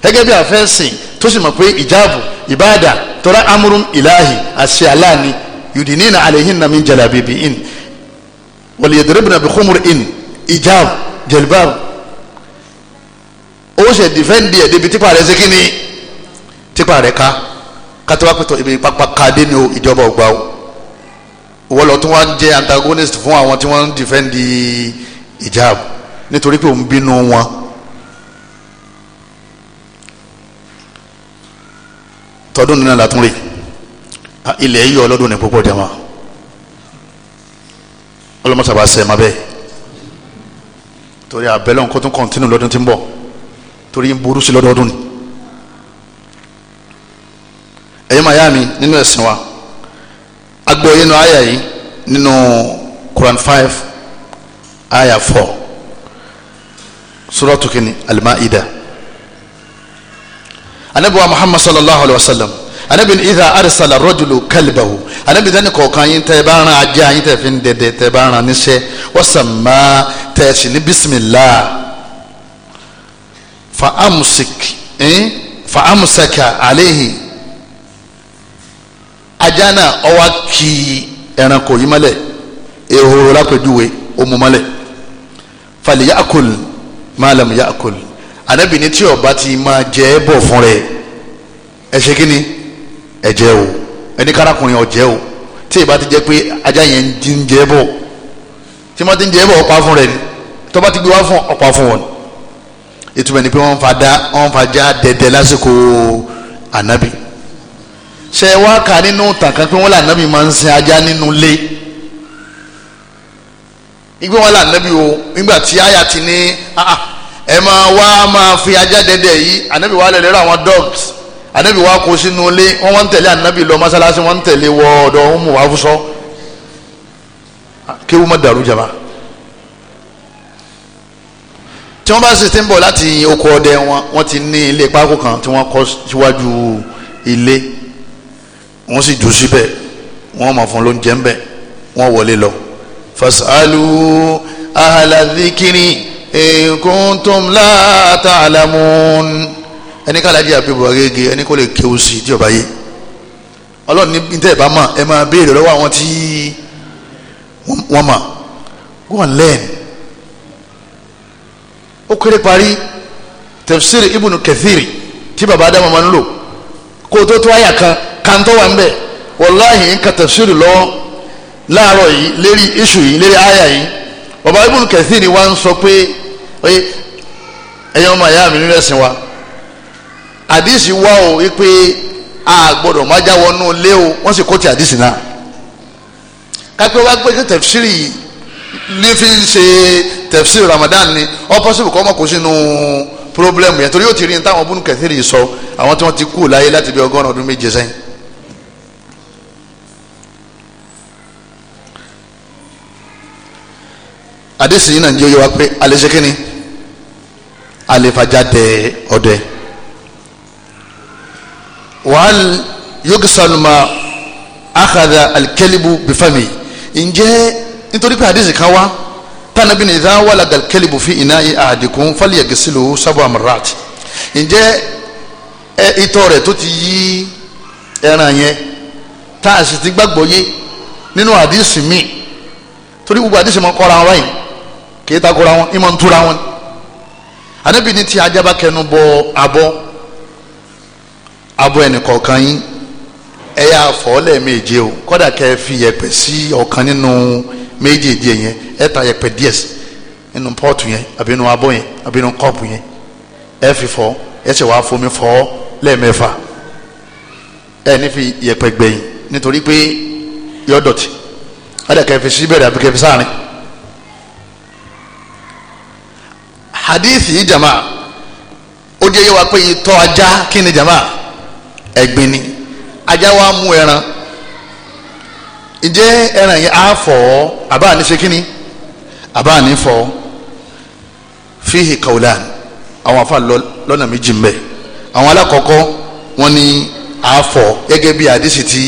gẹ́gẹ́ bí àfẹ́sìn tó sì mọ̀ pé ìjáàbù ìbáàdà tọ́lá amúrún ìláhì yudinina alehinna min jalabibi in wàlíyàdúrébìnà bí kúmùr in ìjáàb jẹlbàb ó ṣe dìfẹ́ǹdì ẹ̀ débi tipa rẹ̀ ṣégi ni tipa rẹ̀ ká kátàwá pẹ̀tọ̀ ibi pápá kadé ni ìjọba ọgbà o wọ́n lọ tí wọ́n ń antagonist fún àwọn tí wọ́n ń dìfẹ́ǹdì nítorí pé òun bínú wọn. tọdún nínú àlàtúnrè. Ah, ilẹ̀ yọ ọlọ́dún ní púpọ̀ jama ọlọ́mọsàbà sẹ́ẹ̀mà bẹ́ẹ̀ torí abẹ́lẹ́ nǹkan tún kọ́ntínú lọ́dún tí ń bọ̀ torí ń burú sí lọ́dọọdún ni ẹ̀yin màá yá mi nínú ẹ̀sìn wa agbẹ́ yẹn nínú àyà yìí nínú Quran five àyà four suratu kini Al-Ma'idah anabiwa Muhammad sallallahu alayhi wa sallam anabi ni idha arsala rajulu kalbahu anabi dani kọ̀ọ̀kan yín tẹ́ bá ran ajá yín tẹ́ fi ń dẹdẹ tẹ́ bá ran níṣẹ́ wasama tẹ́ sì ní bismillah fa amusik eh? fa amusaka alehi ajá náà ọwá kí ẹranko yìí mọ́lẹ̀ ehoro lápẹjúwe ọmọ mọ́lẹ̀ fali yaakul maalam yaakul anabi ni tí ó bá ti máa jẹ ẹ fún rẹ ẹ ṣe kí ẹ̀jẹ̀ o ẹni kárakùnrin ọ̀jẹ̀ o tí ìbá ti jẹ́ pé ajá yẹn ti ń jẹ́ bọ̀ tí wọ́n ti ń jẹ́ bọ̀ ọ̀pá fún rẹ̀ ni tó bá ti gbé wá fún ọ̀pá fún wọn ìtumọ̀ ni pé wọ́n ń fa dá wọ́n ń fa já dẹ̀dẹ̀ lásìkò ànábì ṣe wá kà nínú tàn pé wọ́n lànábì máa ń sin ajá nínú ilé igbe wọn là nẹbi o nígbà tí aya ti ní ẹ máa wá máa fi ajá dẹdẹ yìí ànẹbi wà lẹlẹrọ àwọn dogs anabi wa kó sínú ilé wọ́n wọ́n ń tẹ̀lé anabi lọ masalasi wọ́n ń tẹ̀lé wọ ọ̀dọ̀ ọ̀hún mu afusọ́ kéwù má dàrú jama tí wọ́n bá sì ti ń bọ̀ láti oko ọdẹ wọn wọ́n ti ní ilé pákó kan tí wọ́n kọ́ síwájú ilé wọ́n sì jù síbẹ̀ wọ́n máa fún lóúnjẹ ńbẹ̀ wọ́n wọlé lọ fasalu ahaladikiri in la ta'lamun ẹni kálájí àbí buhari gé ẹni kò lè kéwù sí i tí ọba yé ọlọ́run ní tẹ́ ẹ bá mọ̀ ẹ máa béèrè lọ́wọ́ àwọn tí wọ́n mọ̀ go and learn ó kéré parí tafsir ibùnú kẹfìrì tí baba adama máa ń lò kó o tó tó àyà kan kàńtọ́ wà ń bẹ̀ wàláhì ń ka tafsir lọ láàárọ̀ yìí lérí iṣu yìí lérí àyà yìí baba ibùnú kẹfìrì wa ń sọ pé ẹ̀yọ́ ọmọ àyà mi nínú ẹ̀sìn wa àdìsí wá o wípé a gbọ́dọ̀ má já wọnú ilé o wọ́n sì kó ti àdìsí náà kápẹ́ wá gbé tẹ̀fsírì ní fi ṣe tẹ̀fsírì Ramadan ni ọ́pọ́sibù kọ́ mọ̀ kó sínú problem yẹn torí yóò ti rí ní táwọn búnú kẹsìrì sọ àwọn tí wọ́n ti kú láyé láti bí ọgọ́rùn ọdún méje sẹ́yìn. àdìsí yìí náà ń jẹ́ yọ wá pé alẹ́ ṣe kí ni alẹ́ fàjà tẹ ọdẹ wàhálì yogisaluma akada alikẹlibu bifami ǹjẹ́ nítorí pé àdìsí kan wá tànàbí ni ìdá wà lága fi iná àdìkún fálíyà gẹ̀sìlò sábà marat ǹjẹ́ ẹ itọ́ rẹ̀ tó ti yí ẹran yẹn tá a sì ti gbàgbọ́ yé nínú àdìsí mi torí gbogbo àdìsí máa kọ́ra wọn báyìí kì í ta kọ́ra wọn ìmọ̀ ń túra wọn ànábì ni ti ajá bọ abọ́ abo ẹnìkọ̀ọ̀kan yín ẹ yà fọ́ lẹ́ẹ̀méje o kọ́dà kẹ́ ẹ fi yẹ̀pẹ̀ sí ọ̀kan nínú méjèèjì yẹn ẹ ta yẹ̀pẹ̀ díẹ̀ sí nínú pọ́ọ̀tù yẹn àbí nínú abọ́ yẹn àbí nínú kọ́ọ̀pù yẹn ẹ fi fọ́ ẹ sì wàá fomi fọ́ lẹ́ẹ̀mẹ́fà ẹ ní fi yẹ̀pẹ̀ gbẹ̀yìn nítorí pé yọ̀dọ̀tì kọ́dà kẹ́ ẹ fi sí bẹ̀rẹ̀ àbí kẹ́ ẹ fi sáàrin hadithi yìí jama ó di eyé wa pé itọ́ ajá kí ni jama ẹ̀gbin ni ajá wa mú ẹran ǹjẹ́ ẹran yẹn á fọ̀ ọ́ àbá àní ṣe kínní àbá àní fọ̀ ọ́ fíhì kaulan àwọn afa lọ́nà méjì mbẹ́ àwọn alákọ̀ọ́kọ́ wọn ni á fọ̀ gẹ́gẹ́ bí àdísì tí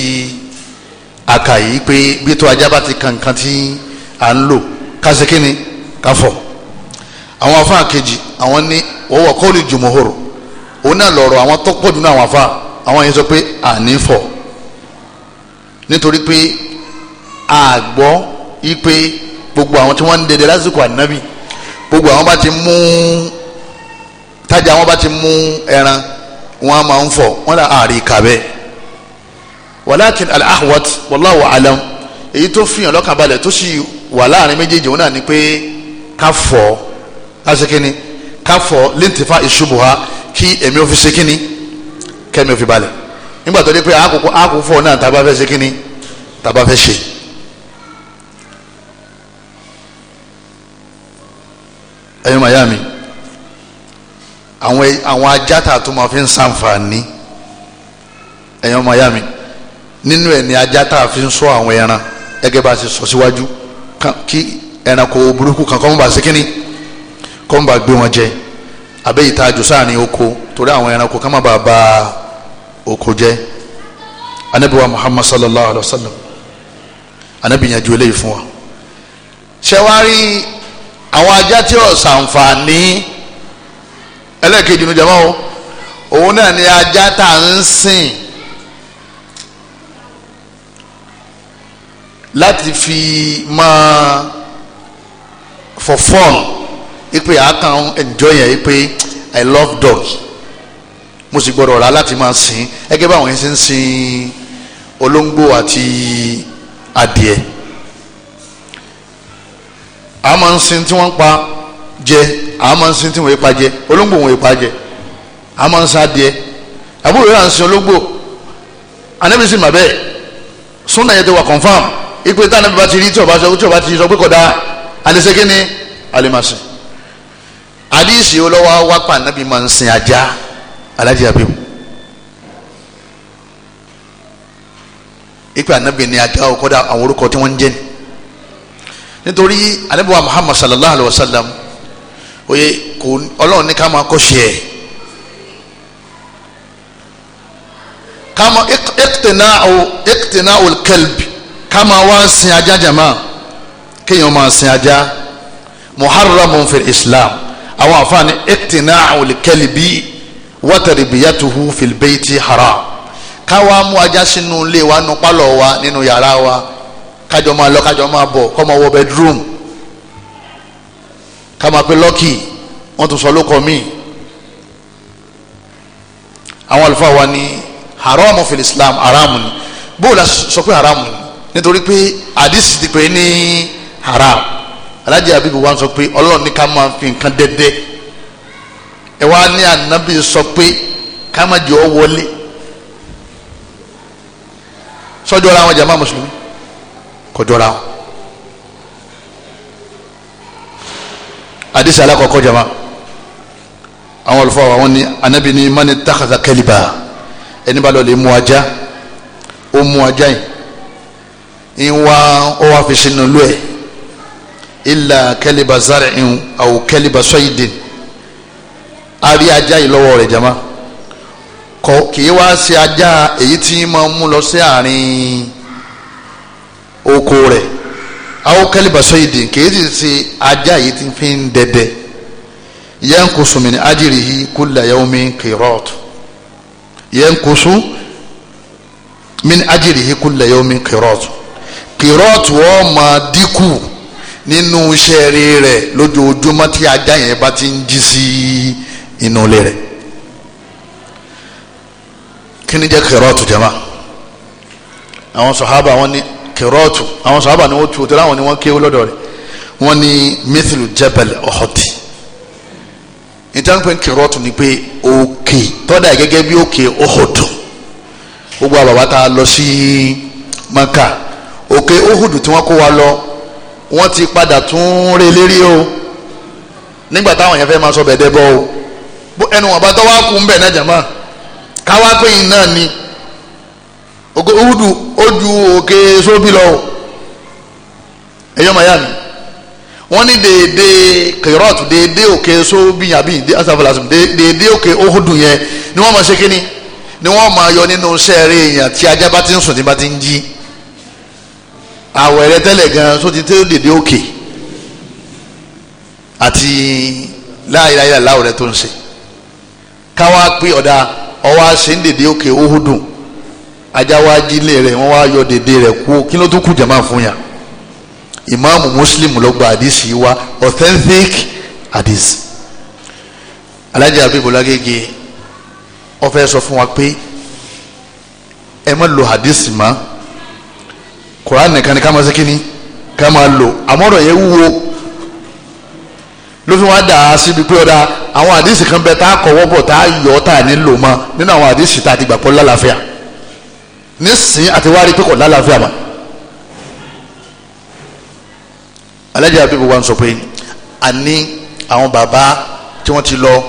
a kà yìí pé bí tó ajá bá ti kan tí à ń lò ká ṣe kínní ká fọ̀ àwọn afa kejì àwọn ni wọ́wọ́ kọ́ọ̀lì jùmọ̀hóró òun náà lọ̀rọ̀ àwọn tó pọ̀ jù náà àwọn afa àwọn yẹn sọ pé àní fọ̀ nítorí pé àgbọ́ ipe gbogbo àwọn tí wọ́n ń dẹdẹ lásìkò ànábì gbogbo àwọn bá ti mú tájà wọn bá ti mú ẹran wọn máa ń fọ̀ wọn là àárí kàbẹ́ walakin al-ahwat wallahu alam èyí tó fihàn lọ́kànbalẹ̀ tó sì wà láàrin méjèèjì òun náà ni pé ká fọ̀ ká ṣe kínní ká fọ̀ lintifa ìṣubuha kí èmi ò fi ṣe kínní kẹ́mi ò fi balẹ̀ nígbà tó dé pé àkókò àkókò fọ náà tàbá fẹ́ ṣe kínní tàbá fẹ́ ṣe. ẹyin màyà mi àwọn àwọn ajá tà tó máa fi ń ṣàǹfààní ẹyin màyà mi nínú ẹ̀ ni ajá tà fi ń sọ àwọn ẹran gẹ́gẹ́ bá a ṣe sọ síwájú kí ẹranko burúkú kankan mọ́ bá ṣe kínní kọ́ mọ́ bá gbé wọn jẹ àbẹ́yìí tá a jù sáà ní oko torí àwọn ẹranko kan má bàa bá oko jẹ́ muhammad sallallahu alaihi wa sallam anabi yẹn ju eléyìí fún wa ṣẹwárí àwọn ajá tí ó ṣàǹfààní ẹlẹ́ẹ̀kejì ní jama o òun náà ni ajá tá à ń sìn láti fi máa for fun ipe àákan enjoy yẹn ipe i love dogs mo sì gbọ́dọ̀ rà láti máa sìn ẹgẹ́ báwọn yẹn ṣe ń sìn olóńgbò àti adìẹ a máa ń sìn tí wọ́n pa jẹ a máa ń sìn tí wọ́n pa jẹ olóńgbò wọ́n pa jẹ a máa ń sìn adìẹ àbúrò yóò à ń sìn olóńgbò anabi sì mà bẹ́ẹ̀ sunna yẹn ti wà confam ipe tí anabi bá ti rí tí ọba tí ọba ti sọ pé kódà alẹ́sẹ̀kẹ́ ni alimasi olówó wa pa anabi máa ń sìn ajá alájí abim ipe anabi ni aga o kódà àwọn orúkọ tí wọ́n ń jẹ́ ni nítorí anabiwa muhammad sallallahu alayhi wa sallam oye kò ọlọ́run ní ká máa kọ́ ṣe ká máa iqtina o iqtina o kalbi ká máa wá sin ajá jama kéèyàn máa sin ajá muharramun fil islam àwọn àfààní iqtina o kalbi wa tarbiyatuhu fil bayti haram káwa mú ajá sínú ilé wa nu pálọ̀ wa nínú yàrá wa kájọ máa lọ kájọ máa bọ̀ kọ́ máa wọ bedroom ká máa pe lọ́kì wọ́n tún sọ lóko míì àwọn àlùfáà wa ní haramu fil islam haramu ni bóòlù la sọ pé haramu ni nítorí pé àdìsí ti pè é ní haram alájà abibu wa sọ pé ọlọ́run ní ká máa fi nǹkan dẹ́dẹ́ ẹ wá ní ànábì sọ pé ká má jẹ́ ọ wọlé sọ́jọ́ra àwọn jàmbá mùsùlùmí kọjọ́ra wọn. àdìsí alákọ̀ọ́kọ́ jàmbá àwọn olùfọ́ àwọn ní ànábì ní mani takasa kẹlíba ẹni bá lọ lè mú ajá ó mú ajá yìí ń wá ó wá fi sínú lú ẹ̀ ilà kẹlíba zara ń àwò kẹlíba sọ́yìndín ari ajá yìí lọ́wọ́ rẹ̀ jama kọ kì í wá ṣe ajá èyí tí máa mú lọ sí àárín oko rẹ̀ awokẹ́lì basoyidi kì í sì ṣe ajá yìí tí fi ń dẹdẹ yankusu min ajirihi kulla yawmin qirot yankusu min ajirihi kulla yawmin qirot qirot wọ́n máa dínkù nínú iṣẹ́ rẹ̀ lójoojúmọ́ tí ajá yẹn bá ti ń jí sí i inú ilé rẹ̀ kí ni jẹ́ kẹrọ́ọ̀tù jama àwọn sọ̀hábà wọn ní kẹrọ́ọ̀tù àwọn sọ̀hábà ni wọ́n tu òtẹ́lẹ̀ àwọn ni wọ́n kéwọ́ lọ́dọ̀ rẹ̀ wọ́n ní mithlu jabal ọ̀họ́tì ìtànpẹ̀ kẹrọ́ọ̀tù ni pé òkè tọ́da gẹ́gẹ́ bí òkè ọ̀họ́tù gbogbo àbàbà tá a lọ sí maka òkè ọ̀hùdù tí wọ́n kó wa lọ wọ́n ti padà tún relé rí o nígbà táwọn yẹn fẹ́ máa sọ bẹ̀ẹ́dẹ́ bọ́ o ẹnu wọn bá tọ́ wá kú nbẹ̀ náà jàmá káwá pé yìí náà ni òkè udu ojú òkè sóbì lọ o ẹ̀yọ́ màá yà mí wọ́n ní dèédé kẹrọ́ọ̀tù dèédé òkè sóbì àbí asàfàlàsìm dèédé òkè òhùdù yẹn ni wọ́n máa ṣe kínní ni wọ́n máa yọ nínú sẹ́ẹ̀rẹ́ èèyàn tí ajá bá ti ń sùn tí bá ti ń jí àwọ̀ ẹ̀rẹ́ gan tó ti tẹ́ dèédé òkè àti láàyè láàyè láwọ̀ tó ń ṣe káwá pé ọ̀dà ọwọ́ àṣẹ ń dèdè òkè òhùdùn ajá wa jí ilé rẹ̀ wọ́n wá yọ dèdè rẹ̀ kú kí ló tó kù jàmá fún yà ìmáàmù Muslim ló gba àdìsí wa authentic àdìsí alájà abibola gègé ó fẹ́ sọ fún wa pé ẹ má lo àdìsí mọ́ Quran nìkan ni ká máa ṣe kíni ká máa lo àmọ́rọ̀ yẹn wúwo ló fi wọn dà á síbi pé ọ̀dà àwọn àdìsí kan bẹ tá a kọ̀wọ́ bọ̀ tá a yọ̀ tá a nílò mọ́ nínú àwọn àdìsí tá a ti gbà pọ̀ lálàáfíà nísìnyí àti wá rí pé kò lálàáfíà mọ́. alájà àbíbò wa ń sọ pé àní àwọn bàbá tí wọ́n ti lọ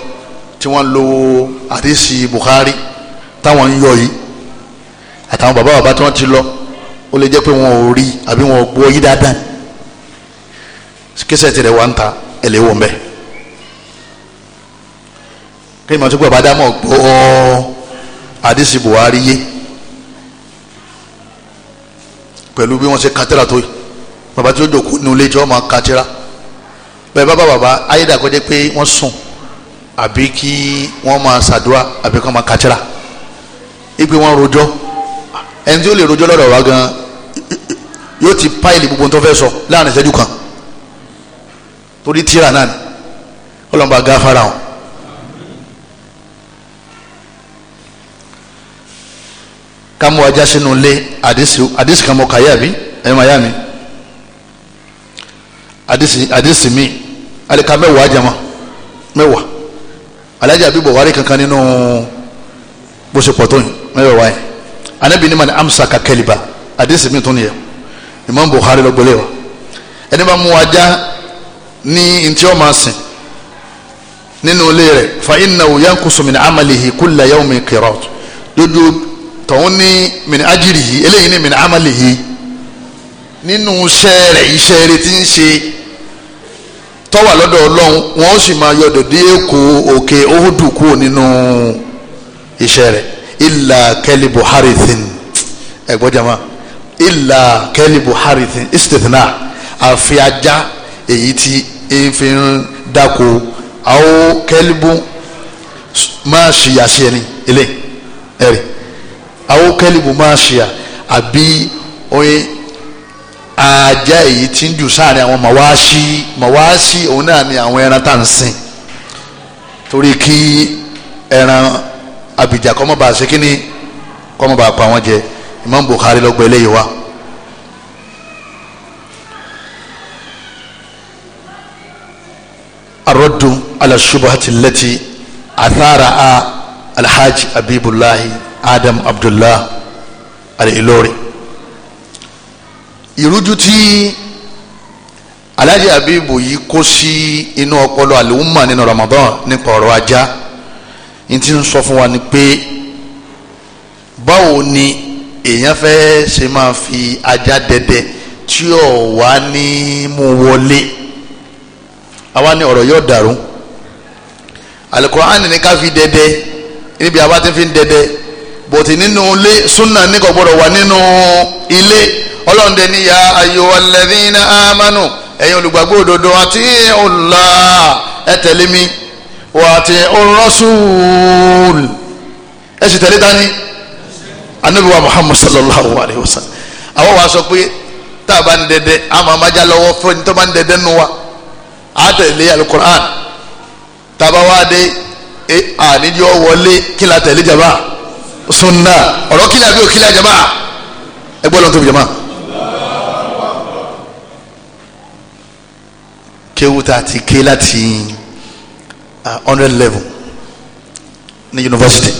tí wọ́n lo àdìsí Bukhari táwọn ń yọ yìí àtàwọn bàbá bàbá tí wọ́n ti lọ ó lè jẹ́ pé wọn ò rí àbí wọn ò gbọ́ yí kí sẹ́ẹ̀tì rẹ̀ wá ń ta ẹlẹ́ wọ̀ mbẹ́ kí ni mo ti gbọ́ bàdá mọ̀ gbọ́ àdìsí Buhari yé pẹ̀lú bí wọ́n ṣe kátẹ́rà tó yìí bàbá tí ó jòkó ní ilé tí wọ́n máa kátẹ́rà bẹ́ẹ̀ bàbá bàbá ayédàkọ́jẹ́ pé wọ́n sùn àbí kí wọ́n máa ṣàdúrà àbí kí wọ́n máa kátẹ́rà ipe wọn rojọ́ ẹni tí ó lè rojọ́ lọ́dọ̀ wa gan yóò ti páìlì gbogbo tó fẹ́ sọ láàrin ìṣẹ́jú kan torí tíra náà ni ọlọ́mọba gáfárà wọn. kámú ajá sínú ilé àdìsí kan mọ kàyà bí ẹ̀yìn màyà mi àdìsí mi alika mẹ́wàá jama mẹ́wàá alájà bíbọ̀ wárí kankan nínú bó ṣe yìí mẹ́wàá yẹn anabi ni ma ni amsa ka kẹliba àdìsí mi tún nìyẹn Imam Bukhari lọ gbélé wa ẹni bá mú ajá ní ntí ọ máa sìn nínú ilé rẹ̀ fa innahu yankusu min amalihi kulla yawmin qirat dodo tọ̀hún ní min ajirihi eléyìí ní min amalihi nínú iṣẹ́ rẹ̀ iṣẹ́ rẹ̀ ti ń ṣe tọ́wà lọ́dọ̀ ọlọ́run wọn ó sì máa yọdọ̀ dé èkó òkè òhùdù kúrò nínú iṣẹ́ rẹ̀ illa kalibu harithin ẹ̀gbọ́n jama illa kalibu harithin istithna àfi ajá èyí tí èéfín dako àwọ kẹlíbù máa ṣìyà ṣe ni ilé ẹ̀rì àwọ kẹlíbù máa ṣìyà àbí oyin ajá èyí tí ń jù sáàrin àwọn màwáṣí màwáṣí òun náà ni àwọn ẹran tá à ń sìn torí kí ẹran abìjà kọ́mọ́bà ṣe kí ni kọ́mọ́bà pa wọ́n jẹ Imam Bukhari lọ́gbẹ̀ẹ́ lẹ́yìn wa. الرد على الشبهة التي أثارها الحاج أبيب الله آدم عبد الله الإلوري ìrújú tí aláàjì abibu yìí kó sí inú ọpọlọ àlùmọ nínú Ramadan nípa ọ̀rọ̀ ajá n ti ń sọ fún wa ni pé báwo ni èèyàn fẹ́ ṣe máa fi ajá dẹdẹ tí ò wá ní mú wọlé àwa ni ọ̀rọ̀ yóò dàrú alukur'ani ni ká fi dẹdẹ níbi àbá ti fi ń dẹdẹ bòtí nínú ilé súnà ní kò gbọdọ̀ wà nínú ilé ọlọ́run dẹ níyà ayò alladhina amanu ẹ̀yin olùgbàgbọ́ òdodo àti ọ̀la ẹ tẹ̀lé mi wà àti ar-rasul ẹ sì tẹ̀lé dání anabiwa muhammad sallallahu alayhi wa sallam àwọn wa sọ pé tá a bá ń dẹdẹ àmọ́ àmájá lọ́wọ́ fún ẹni tó bá ń dẹdẹ nù wa àtẹ̀lé alukur'an tabawade eh, àníjọ́ wọlé kila tẹ̀lé jaba sunna ọ̀rọ̀ kila bí o kila jaba ẹ gbọ́dọ̀ tó jama. kéwù tá a ti ké láti hundred level ní yunifásitì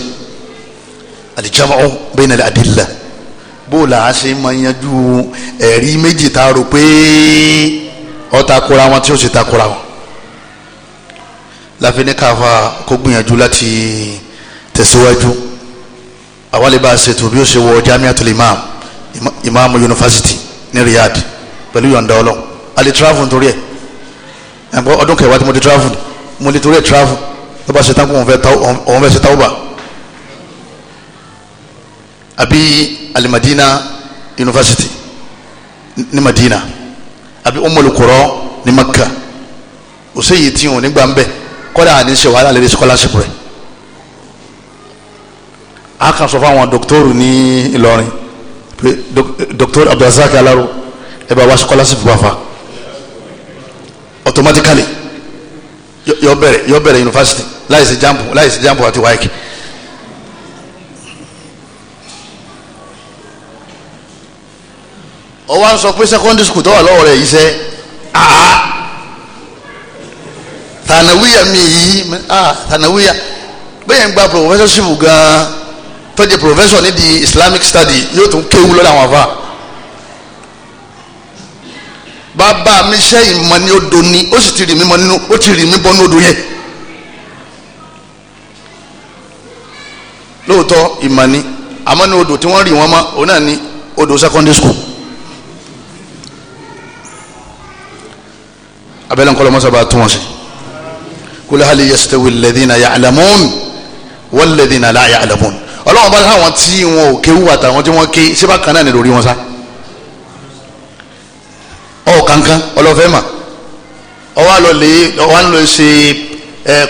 alijamau bẹ́ẹ̀ni adilla bó la a ṣe máa yanjú ẹ̀rí méjì tá a rò pé ọ takora wọn tí ó sì takora wọn láfi ní káfa kó gbìyànjú láti tẹ̀síwájú àwọn lè bá a ṣètò bí ó ṣe wọ jamiatul imam imam yunifásitì ní Riyadh pẹ̀lú yọ̀ǹda ọlọ́ alẹ́ travel torí ẹ̀ ẹ̀gbọ́ ọdún kẹwàá tí mo ti travel mo lè torí ẹ̀ travel tó bá ṣe tán kó òun fẹ́ ṣe tawba àbí alimadina yunifásitì ní Madina àbí Ummul Qura ní Maka òsè yìí tí wọn nígbà ń bẹ kọ́dà àní ṣe wàhálà lórí scholarship rẹ̀ a kan sọ fáwọn dọ́kítọ́rù ní Ìlọrin pé Abdulrasaq Alaro ẹ bá wá scholarship wà fa automatically yọ bẹ̀rẹ̀ yọ bẹ̀rẹ̀ yunifásitì láìsí jambu láìsí jambu àti wáìkì ọ wá ń sọ pé secondary school tó wà lọ́wọ́ rẹ̀ yìí sẹ́ aa tànàwíyà mi yìí aa tànàwíyà bẹ́ẹ̀ ń gba professorship gan-an tó di professor ní Islamic study yóò tún kéwu lọ́dọ̀ àwọn afa bàbá mi ṣe ìmọ̀ ni ó do ni ó sì ti rì mí mọ́ nínú ó ti rì mí bọ́ nínú odò yẹn. lóòótọ́ ìmọ̀ ni àmọ́ ní odò tí wọ́n rì wọ́n mọ́ òun náà ni odò secondary school. abẹ́lẹ́ ń kọ́ lọ́mọ́sá bá tún wọn sí kul hal yastawi alladhina ya'lamun walladhina la ya'lamun ọlọ́wọ́n bá láwọn tí wọn ò kéwú àtàwọn tí wọ́n ké síbá kan náà ni lórí wọn sá ọ̀ kankan ọlọ́fẹ́ mà ọ wá lọ lè ọ wá lọ ṣe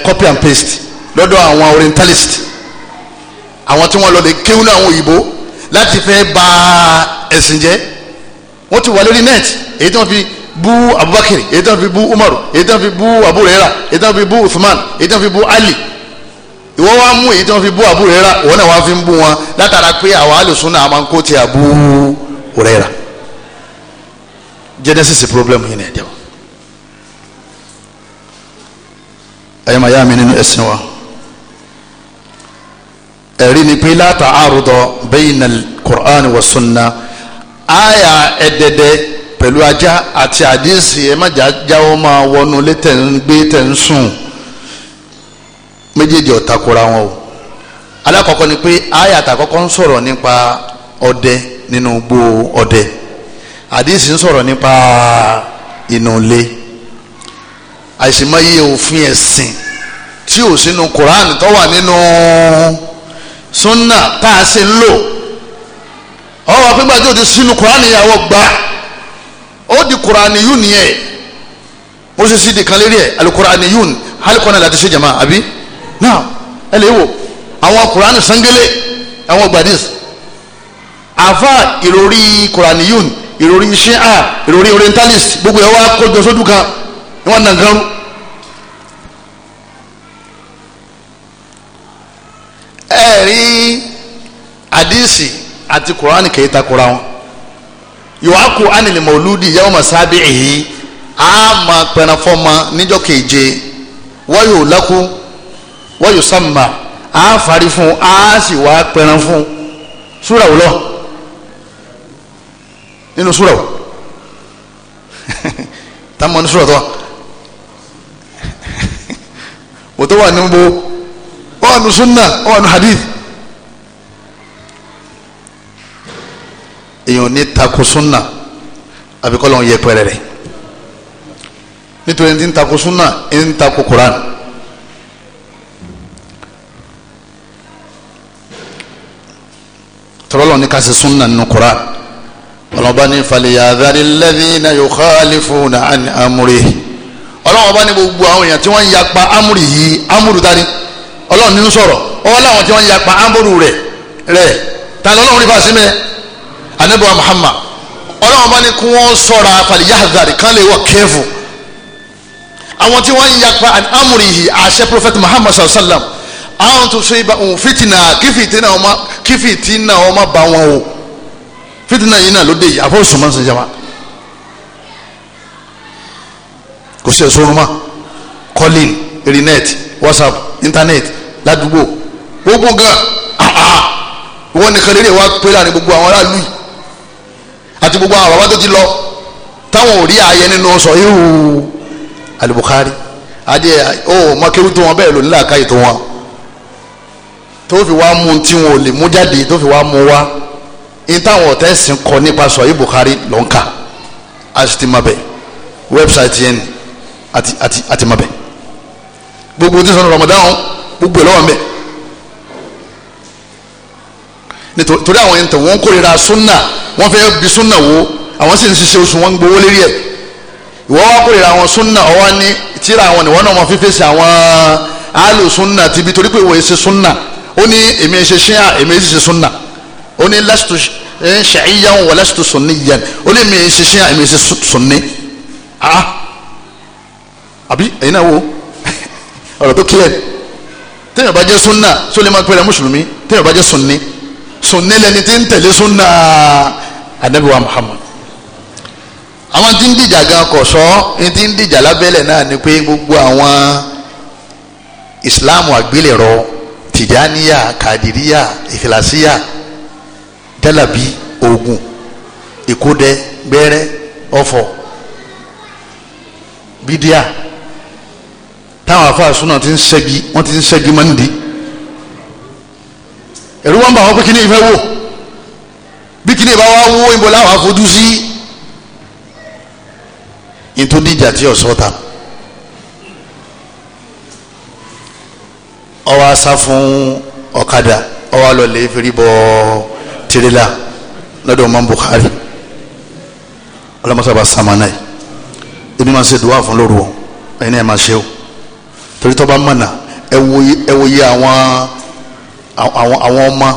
copy and paste lọ́dọ̀ àwọn orientalist àwọn tí wọ́n lọ lè kéwú náà àwọn òyìnbó láti fẹ́ ba ẹ̀sìn jẹ́ wọ́n ti wà lórí net èyí tí wọ́n fi Bu abubakar èyí tí fi Bu umaru Etan fi Bu aburera èyí tí fi Bu usman Etan fi Bu ali ìwọ wa mú èyí tí wọ́n fi bú aburera òun náà wọ́n fi ń bú wọn látara pé àwọn alùsùn náà máa ń kó ti aburera genesis problem yìí ni ẹ jẹun ẹ̀yẹ́ máa yá mi nínú ẹ̀sìn wa ẹ̀rí ni pé látà àrùdọ̀ bayna al-Qur'an wa sunna àyà ẹ̀dẹ̀dẹ̀ pẹ̀lú ajá àti àdíìsì ẹ má jáwọ́ máa wọnú ilé tẹ̀ ń gbé tẹ̀ ń sùn méjèèjì ọ̀tá kora wọn o alákọ̀ọ́kọ́ ni pé àyà àtàkọ́kọ́ ń sọ̀rọ̀ nípa ọdẹ nínú gbó ọdẹ àdíìsì ń sọ̀rọ̀ nípa inú ilé àìsìmọye òfin ẹ̀sìn tí ò sínú Quran tó wà nínú sunna tá a ṣe ń lò ọwọ́ pípa tí o ti sínú Quran ìyàwó gbà ó di kurani yun yẹ bó ṣe di kan lérí ẹ alukurani yun la láti ṣe jama àbí náà ẹ lè wò àwọn kurani sangele àwọn gbadis àfa irori kurani yun ìròrí ṣíà irori orientalist gbogbo ẹ wá kó jọ sójú kan ni wọn nà nǹkan rú. ẹ̀rí àti kùránì kìí takora wọn yòókù ánìlì mọ̀lúdì yẹ́wò mọ̀sábì èyí a máa pẹran fọ́mọ níjọ́ keje wọ́yò lẹ́kú wọ́yò sàmà á fari fún á sì wá pẹran fún súra wò lọ nínú súra [LAUGHS] wò tamọ́ ní súra tó wò tó wà níbo [LAUGHS] wà nù súnà wà nù hadith. èèyàn ní tako súnà àbí kọ́ lọ́n yẹpẹrẹ rẹ̀ nítorí ti ń tako súnà ń tako koran tọ́lọ́lọ́ ní ká ṣe súnà nínú koran ọlọ́ba ní falyadhari alladhina yukhalifuna an amri ọlọ́wọ́n bá ní gbogbo àwọn èèyàn tí wọ́n ń yapa amúrì yìí amúrù ta ni ọlọ́run ní ń sọ̀rọ̀ ọwọ́ láwọn tí wọ́n ń yapa amúrù rẹ̀ rẹ̀ ta ni ọlọ́run rí fàṣímẹ́ anabi muhammad ọlọ́wọ́n bá ní kí wọ́n sọ̀rọ̀ àfàlìyáhàzàrì kan lè wọ̀ kẹ́fù àwọn tí wọ́n ń yapa amúrihì àṣẹ prophet muhammad sallam àwọn tó ṣe ibà òun fìtìnà kífìtìnà ọmọ kífìtìnà ọmọ bá wọn o fìtìnà yìí náà ló dé yìí àfọwọ́sùn máa ń sèjọba kò sí ẹ̀sùn ọmọ calling internet whatsapp internet ládùúgbò gbogbo gan ah ah wọ́n nìkan lè wá pé láàrin gbogbo àwọn aráàlú yìí àti gbogbo àwọn bàbá tó ti lọ táwọn ò rí ààyè nínú sọ ihu alibukari adé ó mọkéwú tó wọn bẹ́ẹ̀ lò nílà káyì tó wọn tó fi wá mú tí wọn ò lè mú jáde tó fi wá mú wá ní táwọn ọ̀tẹ́sìn kọ nípa sọ ihu bukari lọ́nkà asitimabẹ wẹ́bsáìtì yẹn àti àti àti mabẹ gbogbo tí sọ̀rọ̀ Ramadan gbogbo ẹ̀ lọ́wọ́ mẹ́ẹ̀ nítorí àwọn ẹni tẹ̀ wọ́n kórira súnà wọ́n fẹ́ bi súnà wo àwọn sì ń ṣiṣẹ́ oṣù wọn gbowó lérí ẹ̀ ìwọ́ wá kórira àwọn súnà ọwọ́ ní tíra àwọn ìwọ́n náà wọ́n fífèsì àwọn àlò súnà tìbí torí pé ìwòye ṣe súnà ó ní èmi ṣe ṣíà èmi ṣe súnà ó ní lẹ́sítù ṣàìyàn wọ lẹ́sítù sùnní yẹn ó ní èmi ṣe ṣíà èmi ṣe sùnní ah àbí ẹ̀yin náà wo [LAUGHS] ọ̀rọ̀ tó kílẹ̀ téèyàn bá jẹ́ súnà sólè máa pẹ́rẹ́ mùsùlùmí sùnní lẹni tí ń tẹ̀lé súnà anabi wa muhammad àwọn tí ń dìjà gan kò sọ ẹni tí ń dìjà lábẹ́lẹ̀ náà ni pé gbogbo àwọn islam àgbélẹ̀rọ tìjáníyà kàdìríyà ìfìlàsíyà jálàbí ogun ìkódẹ gbẹrẹ ọfọ bídíà táwọn afáàsúná ti ń ṣẹ́gi wọ́n ti ń ṣẹ́gi mọ́ndìí ẹ̀rú wọn bá wọn pé kíní ìfẹ́ wò bí kíní ìbá wa wó ìbò láwọn afojú sí nítorí ìjà tí ọ̀sọ́ ta ọwọ́ asá fún ọ̀kadà ọwọ́ alọ́lẹ̀ fèrè bọ́ tirila lọ́dọ̀ ọmọ Bukhari ọlọ́mọsábà samana yìí ebi máa ń ṣe duwa fún lóru ọ ẹ̀yin ẹ̀ máa ṣe o torí bá mọ̀nà ẹ wo yẹ àwọn àwọn àwọn ọmọ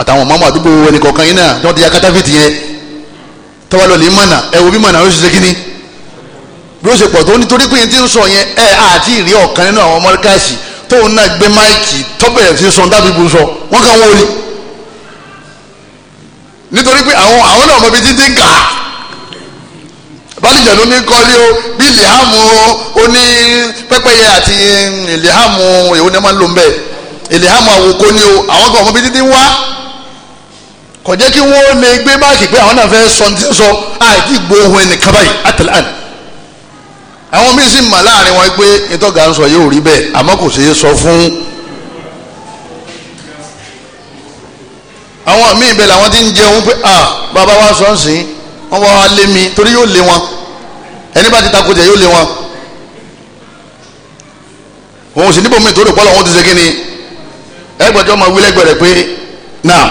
àtàwọn ọmọ àdúgbò ẹnì kọ̀ọ̀kan yín náà tí wọ́n ti ya kátàfìtì yẹn tọ́wọ́ lọ lè mọ̀nà ẹ wo bí mọ̀nà ó ṣiṣẹ́ kínní bí ó ṣe pọ̀ tó nítorí pé yẹn ti ń sọ yẹn ẹ àti ìrí ọ̀kan nínú àwọn mọ́ríkàsì tóun náà gbé máìkì tọ́bẹ̀rẹ̀ sí sọ dábì bù sọ wọ́n kàn wọ́n olè nítorí pé àwọn àwọn náà mọ̀ bí títí ń kà ló ní kọ́lé o bí lìhámù o pẹ́pẹ́yẹ àti eh, lìhámù èwo ni wọ́n máa ń lò ń bẹ́ẹ̀ ìlẹ̀hàmù àwòkọ́ ni o àwọn kan ọmọbi títí wá kò jẹ́ kí wọ́n lè gbé báàkì pé àwọn náà fẹ́ sọ ní sọ àìtí gbóhùn ẹnìkan báyìí àtàlàn àwọn míín sì mà láàrin wọn pé ìtọ́gà ń sọ yóò rí bẹ́ẹ̀ àmọ́ kò ṣeé sọ fún àwọn míín bẹ́ẹ̀ làwọn ti ń jẹun pé à bàbá wa sọ ń sìn wọ́n bá wa lé mi torí yóò lé wọn ẹni bá ti takò jẹ yóò lé wọn òun sì níbo mi tó rò pọ́ lọ́wọ́ ti ṣe kí ni ẹgbẹ̀jọ́ máa wílẹ̀ gbẹ̀rẹ̀ pé náà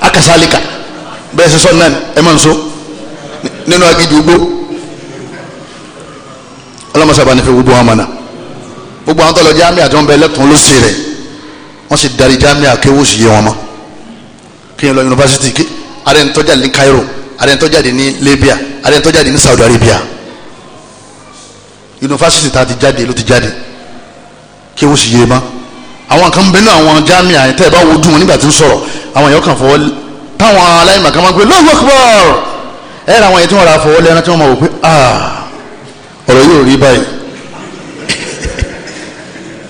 akasalika bẹ́ẹ̀ sẹ́sọ náà ẹ máa ń so nínú agídí ugbó ọlọ́mọsàbà nífẹ̀ẹ́ gbogbo wọn mọ̀nà gbogbo àwọn tó lọ jáàmì àti wọn bẹ lẹ́kùn ló ṣe rẹ̀ wọ́n sì darí jáàmì àkéwò sì yé wọn mọ́ kí yẹn lọ yunifásitì kí arẹ́ntọ́jáde ní Cairo arẹ́ntọ́jáde ní Libya arẹ́ntọ́jáde ní Saudi Arabia yunifásitì tá a ti jáde ló ti jáde kéwò sì yé wọn mọ́ àwọn kan bẹ́ẹ̀ náà àwọn jami àyẹ̀ tẹ́ ẹ bá wo dùn nígbà tí ń sọ̀rọ̀ àwọn èèyàn kan fọwọ́ táwọn aláìmọ̀ kan máa ń pè lọ́wọ́ kúbọ̀r ẹ ra àwọn èèyàn tí wọ́n ra fọwọ́ lẹ́ran tí wọ́n máa wò pé ah! ọ̀rọ̀ yóò rí báyìí.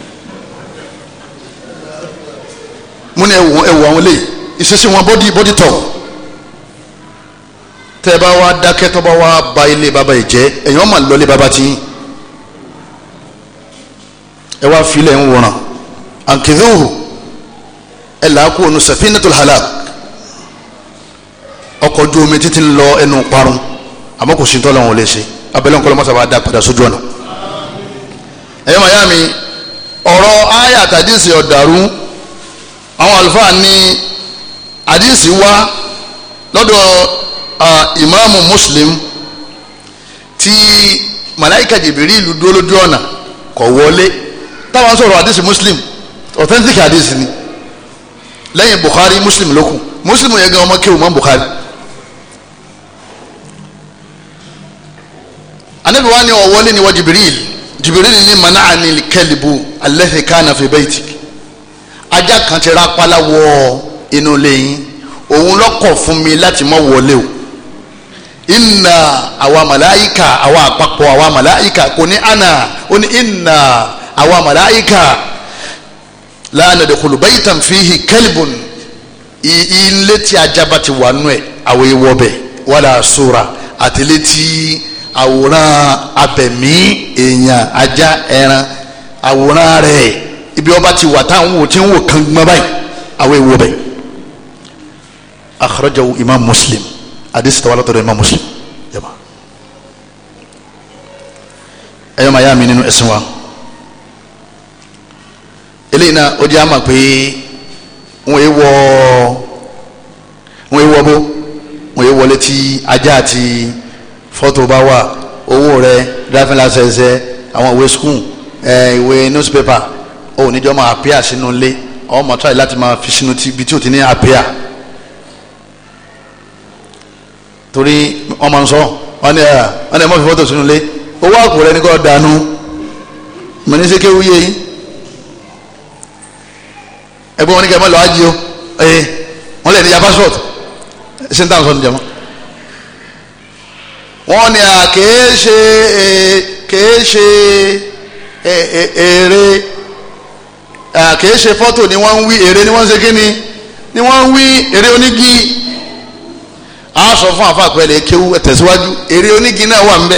[LAUGHS] mo ní ẹwù àwọn eléyìí ìṣesí wọn bọ́dí bọ́dí tọ̀ tẹ́ ẹ bá wá dákẹ́ tó bá wá ba ilé baba yìí jẹ́ èèyàn máa lọ ilé baba tí ẹ wá filẹ̀ ń wòran ankiduhu ẹ làákú onu safinatul halak ọkọ̀ ojú omi títí ń lọ ẹnu parun àmọ́ kò sí tọ́lá wọn lè ṣe abẹ́lẹ́ ń kọ́ lọ́mọ́sá bá dá padà sójú ọ̀nà. ẹ̀yẹ́ màyá mi ọ̀rọ̀ ayé àtàdísì ọ̀dàrú àwọn àlùfáà ní àdísì wá lọ́dọ̀ ìmáàmù Muslim tí màláìka jìbìrì ìlú dúró lójú ọ̀nà kọ̀ wọlé táwọn sọ̀rọ̀ àdísì Muslim authentic hadith ni lẹ́yìn Bukhari Muslim lókun Muslim yẹn gan ọmọ kéwù mọ́ Bukhari. anabi wa ni ọwọlé ni wa Jibril Jibril ni mana'ani kẹlibu alladhi kana fi baytik ajá kan ti rápálá wọ inú lẹ́yìn òun lọ́kọ̀ fún mi láti má wọlé o inna àwa màláìka àwa àpapọ̀ àwa màláìka kò ní àná ó ní inna àwa màláìka láàánú ẹ̀dẹ̀kọ̀lù báyìí tàn fíhì kẹ́lìbùn ilé tí ajaba ti wà nù ẹ̀ àwọn ewọ́ bẹ̀ wàlà sora àtẹlẹ́ tí àwòrán abẹ̀mí èèyàn ajá ẹran àwòrán rẹ̀ ibi ọba ti wà táwọn wò tí ń wò kán gbọ́n báyìí àwọn ewọ́ bẹ̀ akhrajahu imam muslim hadisi tawala tọ̀dọ̀ imam muslim ẹ̀yọ́ màá yá mi nínú ẹ̀sìn wa eléyìí náà ó jẹ́ àmọ̀ pé wọ́n yé wọ wọ́n yé wọ wọ́n yé wọlé tí ajá àti fọ́tò bá wà owó rẹ driving license àwọn ìwé school ìwé newspaper ó níjọ́ máa appear sínú ilé ọmọ tó àyè láti máa fi sínú ibi tí ò ti ní appear torí wọ́n máa ń sọ wọ́n ní ẹ̀ ah, wọ́n ní ẹ̀ mọ́ fi fọ́tò sínú ilé owó àpò rẹ ní kò dànù mọ̀ sẹ́kẹ́ wúyẹ́ yìí ẹgbẹ́ wọn ní kẹ́ lọ ájí o ee wọn lè ní ya passport ṣé n tàn sọ ní jẹmọ. wọn ní a kèé ṣe e, kèé ṣe èrè e, e, kèé ṣe fọ́tò ni wọ́n ń wí èrè ni wọ́n ń ṣe kíni ni wọ́n ń wí èrè onígi a sọ fún àfa àpẹẹrẹ kéwú tẹ̀síwájú èrè onígi náà wà ń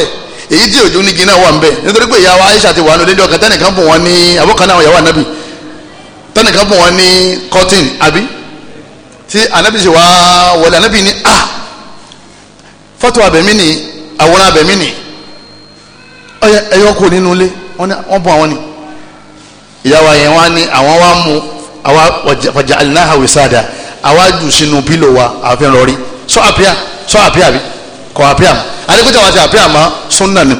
èyí tí òjò onígi náà wà ń nítorí pé ìyàwó Aisha ti wà nínú dédé ọkàn tẹnìkan bùn wọn ní àbúkan náà ìyàwó Ànábì tẹnìkan bọ̀ wọ́n ní cotton àbí tí anabi ṣe wá wọlé anabi ní ah, a fọ́tò abẹ̀mí ni àwòrán abẹ̀mí ni ọyẹ ẹyọ kò nínú ilé wọ́n bọ̀ àwọn ni ìyàwó yẹn wá ní àwọn wá mú àwa ọjà alinaha wisada àwa jù sínú pílò wa àfihàn lórí sọ àpíà sọ àpíà bí kọ àpíà mọ adékòjà wa ti àpíà mọ sunna ni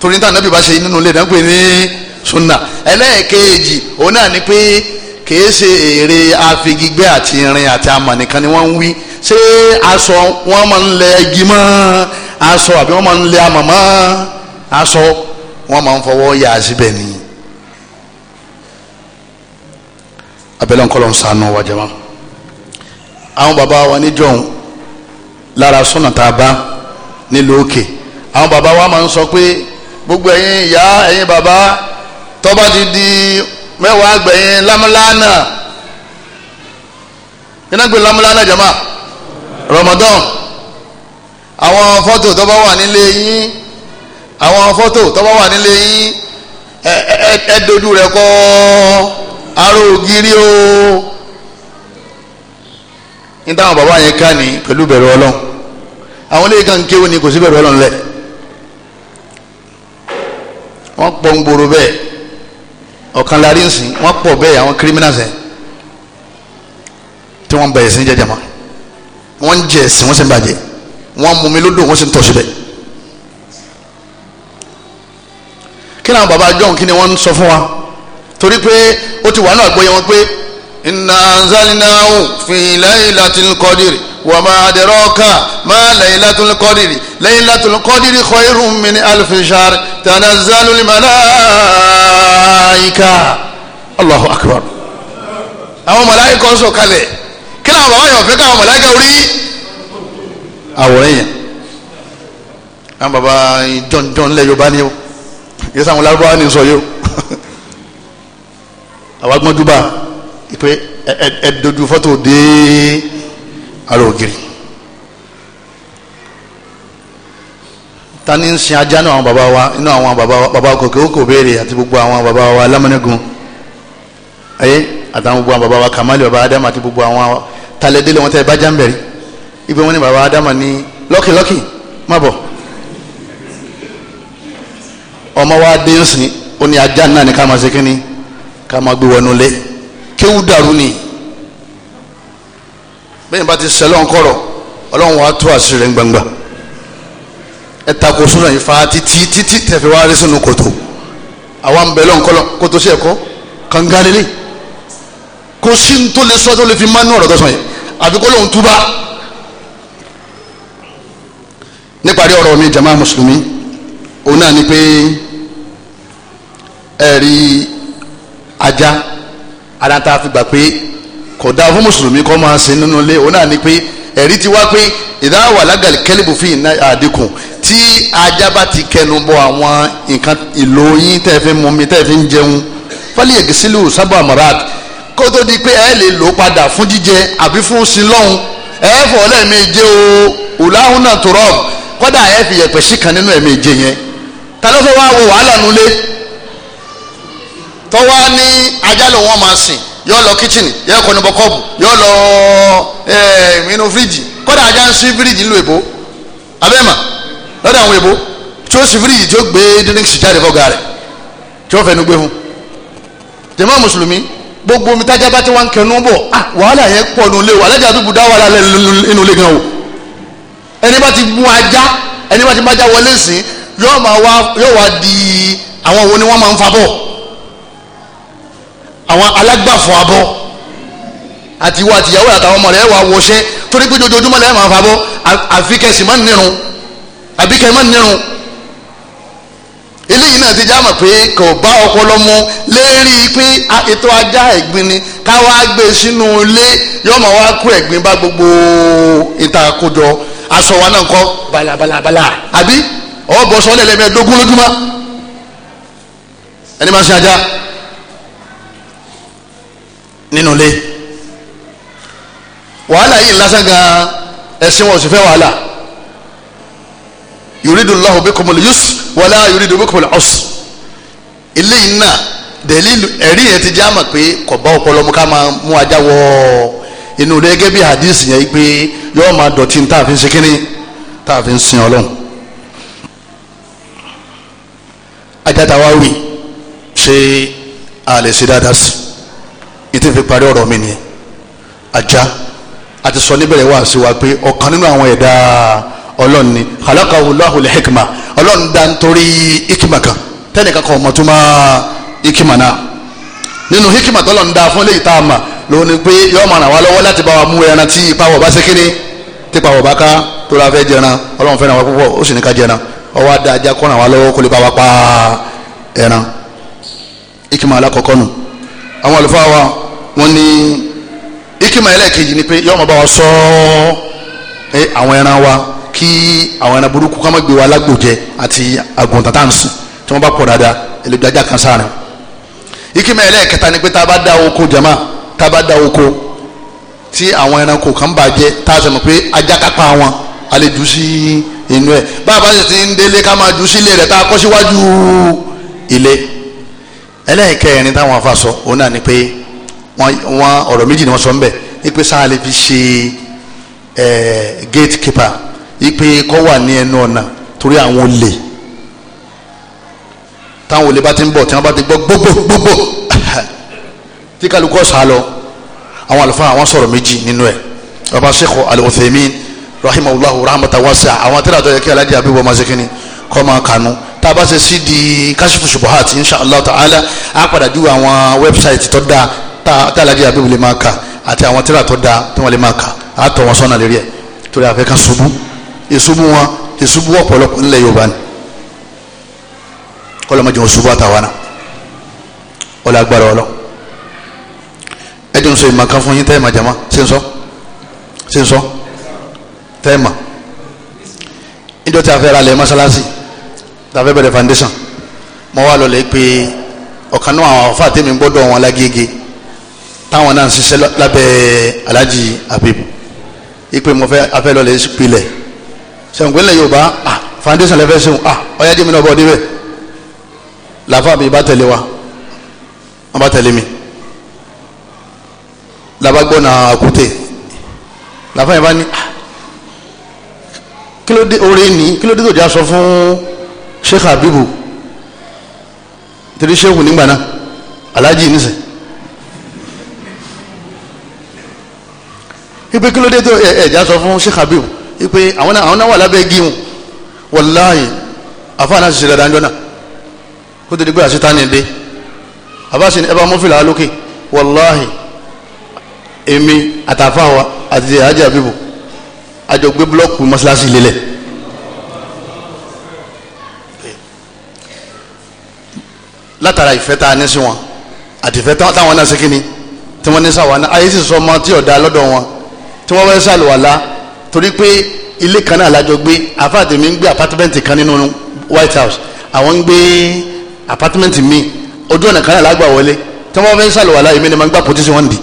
torí níta anabi bá ṣe nínú ilé náà ní. sunna ẹlẹ́ẹ̀kejì òun náà ni pé kìí ṣe èrè afigigbẹ́ àti irin àti amọ̀ ni wọ́n ń wí ṣé aṣọ wọn máa ń lẹ igi mọ́ aṣọ àbí wọ́n máa ń lẹ amọ̀ mọ́ aṣọ wọ́n máa ń fọwọ́ yà á síbẹ̀ ni. abẹ́lẹ́ ń wa wọn. àwọn bàbá wa níjọ́hún lára baba tá a bá nílùú òkè àwọn bàbá wa máa ń sọ pé gbogbo ẹ̀yin ìyá ẹ̀yin bàbá tó bá ti di mẹ́wàá gbẹ̀yìn lámúlánà iná gbé lámúlánà jama Ramadan àwọn fọ́tò tó bá wà nílé yín àwọn fọ́tò tó bá wà nílé yín ẹ dojú rẹ̀ kọ aró ògiri o ní táwọn bàbá yẹn ká ní pẹ̀lú bẹ̀rù Ọlọ́run àwọn ilé kan kéwòn ni kò sí bẹ̀rù Ọlọ́run lẹ̀ wọ́n pọ̀ ń gbòòrò bẹ́ẹ̀ ọ̀kan la rí ń sìn wọ́n pọ̀ bẹ́ẹ̀ àwọn criminals ẹ̀ tí wọ́n ń ba ẹ̀sìn jẹ́ jàmá wọ́n ń jẹ ẹ̀sìn wọ́n sì ń bàjẹ́ wọ́n ń mumi lódò wọ́n sì ń tọ̀ síbẹ̀. kí ni àwọn baba john kí ni wọ́n ń sọ fún wa torí pé ó ti wà náà gbóyè wọn pé inna anzalnahu fi laylatil qadr wa ma adraka ma laylatul qadri laylatul qadri khayrun min alfi shahr tanazzalul malaika allahu akbar àwọn màláíkà ń sọ̀kalẹ̀ kí làwọn bàbá yẹn fẹ́ káwọn màláíkà orí àwòrán yẹn àwọn bàbá jọ̀njọ̀n lẹ̀ yorùbá ni o yẹ́sà àwọn lárúbáwá ni sọ yìí o àwọn agbọ́njúbà ìpè ẹ̀ẹ́dọ́jú fọ́tò dé. Alo, ògiri ta ni ń sin ajá náà àwọn bàbá wa inú àwọn bàbá kòkè ó kò béèrè àti gbogbo àwọn bàbá wa lámúnigun ayé àtàwọn gbogbo àwọn bàbá wa kàmáàlì bàbá ádámù àti gbogbo àwọn talẹ́dẹ́lẹ́ wọn tẹ́ ẹ bá já ń bẹ̀rẹ̀ ibi wọn ni bàbá ádámù ní lọ́kìlọ́kì má bọ̀ ọmọ wa dé ń sìn ó ní ajá náà ní ká máa ṣe kínní ká máa gbé wọnú lé kéwú dàrú nìyí bẹ́ẹ̀ bá ti sẹ́lọ̀ ń kọ̀rọ̀ ọlọ́run wa tó àṣírí rẹ̀ gbangba ẹ tako sọ́nà yìí fa títí títí tẹ̀fẹ́ wá rí sínú kòtò àwa ń bẹ lọ́nkọ́lọ́ kòtò sí ẹ̀kọ́ kàngalélẹ̀ kò sí ní tó lè sọ tó lè fi mánú ọ̀rọ̀ tó sọ yẹn kó lóun túbà níparí ọ̀rọ̀ mi jama mùsùlùmí òun náà ni pé ẹ̀rí ajá aláta fi gbà pé kò dáa fún mùsùlùmí kọ́ máa ṣe nínú ilé òun náà ni pé ẹ̀rí ti wá pé ìdáhùn alágàlì kẹ́lẹ́bù fi iná àdínkù tí ajá bá ti kẹnu bọ àwọn nǹkan ìlò yín tẹ́ fi mú mi tẹ́ fi ń jẹun fálí ẹ̀gẹ́sílù sábà marat kó tó di pé ẹ lè lò padà fún jíjẹ àbí fún sílọ́hún ẹ fọ̀ lẹ́ẹ̀mejì o òláhùn náà tó rọ̀ kọ́dà ẹ fi yẹ̀pẹ̀ sí kan nínú ẹ̀mejì yẹn ta fẹ́ wá wo wàhálà nulẹ̀ tọ́wá ní ajá lòun máa sìn yọ lọ kíchìnì yọ kọ́ni bọ kọ́ọ̀bù yọ lọ eh, inú fíríjì kọ́dà ajá ń sí fíríjì ńlò èbó abẹ́ẹ̀mà lọ́dọ̀ àwọn èbó tí ó sì fíríjì tí ó gbé drinks jáde fọ́gà rẹ̀ tí ó fẹnu gbé fún jàmá mùsùlùmí gbogbo omi tájá bá ti wá ń kẹnu bọ̀ ah wàhálà yẹn pọ̀ nù lé o alájà tó bu dá wàhálà lẹ́ inú ilé gan o ẹni bá ti mú ajá ẹni bá ti má já wọlé sìn yóò máa wá yóò wá di àwọn wo ni wọ́n máa ń fa bọ́ọ̀ àwọn alágbàfọ̀ abọ́ àti ìwọ àtìyàwó àtàwọn ọmọ rẹ̀ wà wọṣẹ́ torí pé dojoojúmọ́ lẹ́yìn máa fa bọ́ àfi kẹsì má nírun àbí kẹ má nírun eléyìí náà ti já mọ̀ pé kò bá ọpọlọ mu lérí pé ètò ajá ẹ̀gbin ni ká wá gbé sínú ilé yọmọ wá kó ẹ̀gbin bá gbogbo ìta àkójọ aṣọ wa náà kọ́ balabalabala àbí ọ̀ bọ̀ sọ́lẹ̀ lẹ́mẹ̀ẹ́dógún lójúmọ́ ẹni máa ṣe ajá nínú ilé wàhálà yìí lásán gan ẹ̀sìn wọn ò sì fẹ́ wàhálà yuridu Allahu bikumul yusr wala yuridu bikumul usr ilé yìí náà dẹ̀lílù ẹ̀rí yẹn ti já mọ̀ pé kò bá ọpọlọ mu ká máa mú ajá wọ inú rẹ gẹ́gẹ́ bí hadith yẹn pé yọ́ọ́ máa dọ̀tí ní táàfin ṣe kínní táàfin sin ọlọ́run ajá táwa wì ṣé a lè ṣe dáadáa sí i ìtì fi parí ọ̀rọ̀ mi nìyẹn ajá àti sọ níbẹ̀rẹ̀ wá sí wa pé ọ̀kan nínú àwọn ẹ̀dá ọlọ́run ni khalaqahu Allahu li hikma ọlọ́run dá nítorí hikima kan tẹ́nìkan kan ọmọ tó máa hikima náà nínú hikima tó lọ́n da fún léyìí tá a mà lòun ni pé yọ́ọ́ máa ràn wá lọ́wọ́ láti bá wa mú ẹran tí ipa wọ̀ bá ṣe kíni tí ipa wọ̀ bá ká tó la fẹ́ jẹran ọlọ́run fẹ́ràn wa púpọ̀ ó sì ní ká jẹran ọwọ́ adá ajá kọ́ ràn wá lọ́wọ́ kó lè bá wa pa ẹran hikima alákọ̀ọ́kọ́ nù àwọn àlùfáà wa wọ́n ní ikima ẹlẹ́ẹ̀kejì ni pé yọ́ọ́ máa bá wa sọ ẹ àwọn ẹran wa kí àwọn ẹran burúkú ká má gbé wa lágbòjẹ àti àgùntàn tá à ń sìn tí wọ́n bá pọ̀ dáadáa ẹlẹ́gbẹ̀já kan sáárín ikima ẹlẹ́ẹ̀kẹta ni pé tá a bá dá oko jama tá a bá dá oko tí àwọn ẹranko kan bàjẹ́ tá a sọ ma pé ajá kápá wọn a lè jù sí inú ẹ̀ bá sì ti ń délé ká máa jù sílé rẹ̀ tá a kọ́ síwájú ilé ẹlẹ́ẹ̀kẹrin táwọn afa sọ òun náà ni pé wọn ọ̀rọ̀ méjì ni wọ́n sọ ń bẹ̀ ipe sáà lè fi ṣe ẹ̀ gate keeper ipe kọ́ wà ní ẹnu ọ̀nà torí àwọn olè táwọn olè bá ti ń bọ̀ tí wọ́n bá ti gbọ́ gbogbo gbogbo [LAUGHS] tí kálukú ọ̀sà lọ àwọn àlùfáà àwọn sọ̀rọ̀ méjì nínú ẹ̀ baba sheikh al-Uthaymin rahimahullahu àwọn tẹ́lẹ̀ àtọ́jọ́ kí alájà àbí wọ́n kọ́ máa kànú tá a bá ṣe sí di kashifu shubuhat inshaAllah ta'ala á padà ju àwọn wẹ́bsáìtì tó dáa tá alájí abibu lè máa kà àti àwọn tíra tó dáa tí wọ́n lè máa kà a tọ̀ wọn sọ́nà lérí ẹ̀ torí àfẹ́ kan ṣubú ìṣubú wọn ìṣubú ọ̀pọ̀lọpọ̀ ńlẹ̀ yorùbá ni kọlọmọdé wọn ṣubú àtàwọn náà ọlọ agbára ọlọ ẹjọ ń sọ ìmọ̀ kan fún yín tẹ́ẹ̀mà jama ṣe ń sọ ṣe ń sọ tẹ́ẹ̀mà níjọ́ tí a fẹ́ ra lẹ̀ mọ́ṣáláṣí tá a fẹ́ bẹ̀rẹ̀ foundation mo wá lọ lè pe ọ̀kan náà àwọn àfáà tèmi gbọ́dọ̀ wọn lágége táwọn náà ń ṣiṣẹ́ lábẹ́ Alhaji Habib ipe mo fẹ́ afẹ́ lọ́lẹ̀ pilẹ̀ sẹ̀ǹgbẹ́lẹ̀ Yorùbá ah foundation lẹ́fẹ́ sẹ́wọ̀n ah ọ̀yá jẹ́mi náà bọ̀ níbẹ̀ làfà mi bá tẹ̀lé wa wọ́n bá tẹ̀lé mi làbàgbọ́n náà àkútè làfà yẹn bá ní ah kílódé oore ní kílódé tó já sọ fún sheikh habibu torí sheikh nígbà náà alhaji nísìn wípé kí ló dé tó ẹ̀já sọ fún Sheikh Habib wípé àwọn náà wà lábẹ́ gíhun wàláhì àfa náà ṣiṣẹ́ dáadáa jọ́nà kó tó di pé àṣetánì dé àbá ṣe ni ẹ bá mú fìlà lókè wàláhì èmi àtàfáwa àti àjẹ àbíbò àjọ gbé búlọ́ọ̀kù mọ́ṣáláṣí lélẹ̀ látara ìfẹ́ ní sí wọn àti ìfẹ́ táwọn náà ṣe kí tí wọ́n ní sáwọn ayé sì sọ ọmọ tí ọ̀dà lọ́dọ̀ wọn tí wọ́n fẹ́ ṣàlùwàlá torí pé ilé kan náà lájọ gbé àfáàtì mi ń gbé apátímẹ́ǹtì kan nínú White House àwọn ń gbé apátímẹ́ǹtì mi ojú ọ̀nà kan náà lágbà wọlé tí wọ́n fẹ́ ṣàlùwàlá èmi ni màá gbà pòtísì wọn dì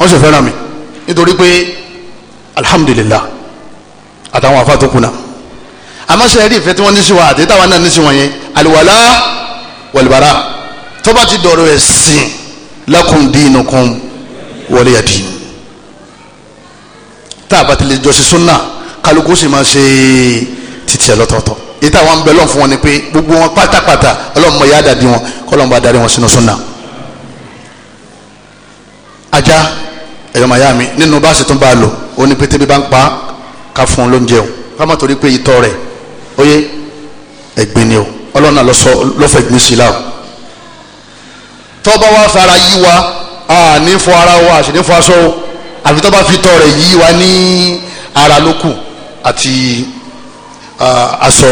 wọ́n sì fẹ́ràn mi nítorí pé alhamdulillah àtàwọn àfáà tó kùnà àmọ́ sẹ́yìn rí ìfẹ́ tí wọ́n ní sí wa àti táwọn náà ní sí wọn yẹn àlùwàlá wàlùbàrà tó bá ti dọ̀rọ̀ ẹ̀sìn lakum dinukum waliya din tá a bá tilẹ̀ jọ sí súnà kálukú sì máa ṣe títí ẹ̀ lọ́tọ̀ọ̀tọ̀ èyí táwọn ń bẹ lọ́n fún wọn ni pé gbogbo wọn pátápátá ọlọ́mọ ya dàbí wọn kọ́lọ́mọ bá darí wọn sínú súnà ajá ẹ̀yọ́ màyá mi nínú bá a sì tún bá a lò ó ní pété bí bá ń pa ká o ká má torí pé itọ́ rẹ̀ ó o ọlọ́run náà lọ́fẹ̀ẹ́ gbin sí i láwọn tọ́ba wa fara yí wa a ní fọ ara wa a sì ní fọ aṣọ o àfi tọ́ba fi tọ́ rẹ̀ yí wa ní ara lókù àti aṣọ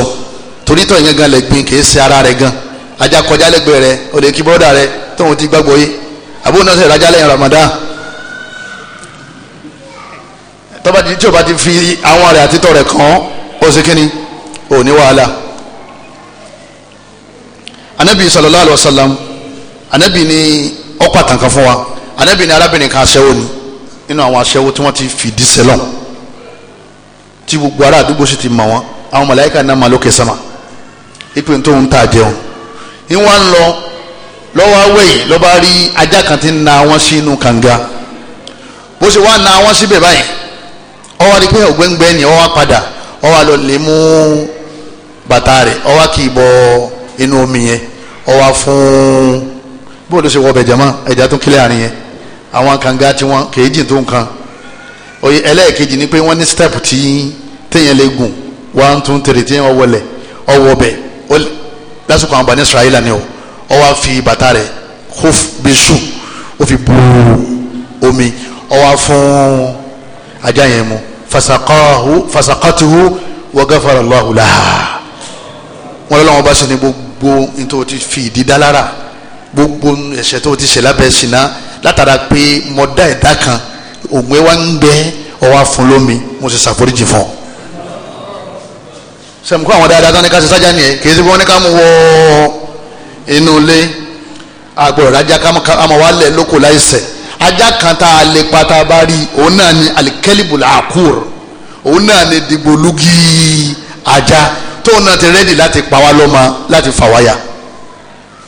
torítọ̀ yẹn gan lẹ́gbin kì í ṣe ara rẹ̀ gan ajá kọjá lẹ́gbẹ̀ẹ́ rẹ̀ o lè kí bọ́dà rẹ̀ tóun ti gbàgbọ́ yé àbúrò náà sẹ̀rẹ̀ ajá lẹ́yìn Ramadan tọ́ba tí o bá ti fi àwọn rẹ̀ àti tọ́ rẹ̀ kàn án ó ṣe kíni ò ní wàhálà anabi sallallahu alaihi wa sallam anabi ni ọkọ àtànkà wa anabi ni arábìnrin kan aṣẹ́wó ni nínú awọn aṣẹ́wó tí wọ́n ti fìdí sẹ́lọ̀ tí gbogbo ti mọ̀ wọ́n àwọn màláíkà náà máa lókè sánmà ipe tó ń tà jẹun ní wọ́n lọ lọ́wọ́ awẹ́ yìí na wọ́n inu kanga bó ṣe na wọ́n síbẹ̀ báyìí ó ni ó wá padà ó omi yẹn bó ló ṣe wọ ọbẹ̀ jama ẹja tó kílẹ̀ àárín yẹn àwọn kànga tí wọn kéèjì tó nǹkan oye ẹlẹ́ẹ̀kejì ni pé wọ́n ní step tí téèyàn lè gùn one two three téèyàn wọlẹ̀ ọwọ́ bẹ̀ lásìkò àwọn bani israẹli ni o ọ wá fi bàtà rẹ̀ hoof bíi shoe ó fi bu omi ọ fún ajá yẹn mu fasakahu fasakatuhu wagafara lọ́wọ́ bá ṣe ni gbogbo nítorí ti fi ìdí dá lára gbogbo ẹ̀ṣẹ̀ tó ti ṣe lábẹ́ ṣìnà látara pé mo dá ẹ̀dá kan ògbẹ́ wa ń gbẹ ọwọ́ fún lómi mo sì ṣàforíjì fún ọ. sẹ́mu kó àwọn dáadáa tán ní ká ṣe sájà nìyẹn kì í ṣe wọ́n ní ká mú wọ inú ilé àgbọ̀rọ̀ ajá ká mọ̀ wá lẹ̀ lóko láìsẹ̀ ajá kan tá a lè pata bá rí òun náà ni alikẹ́lìbù làákùr òun náà ni dìgbòlugi ajá tóun náà ti rẹ́dì láti pa wá lọ́mọ láti fà wáyà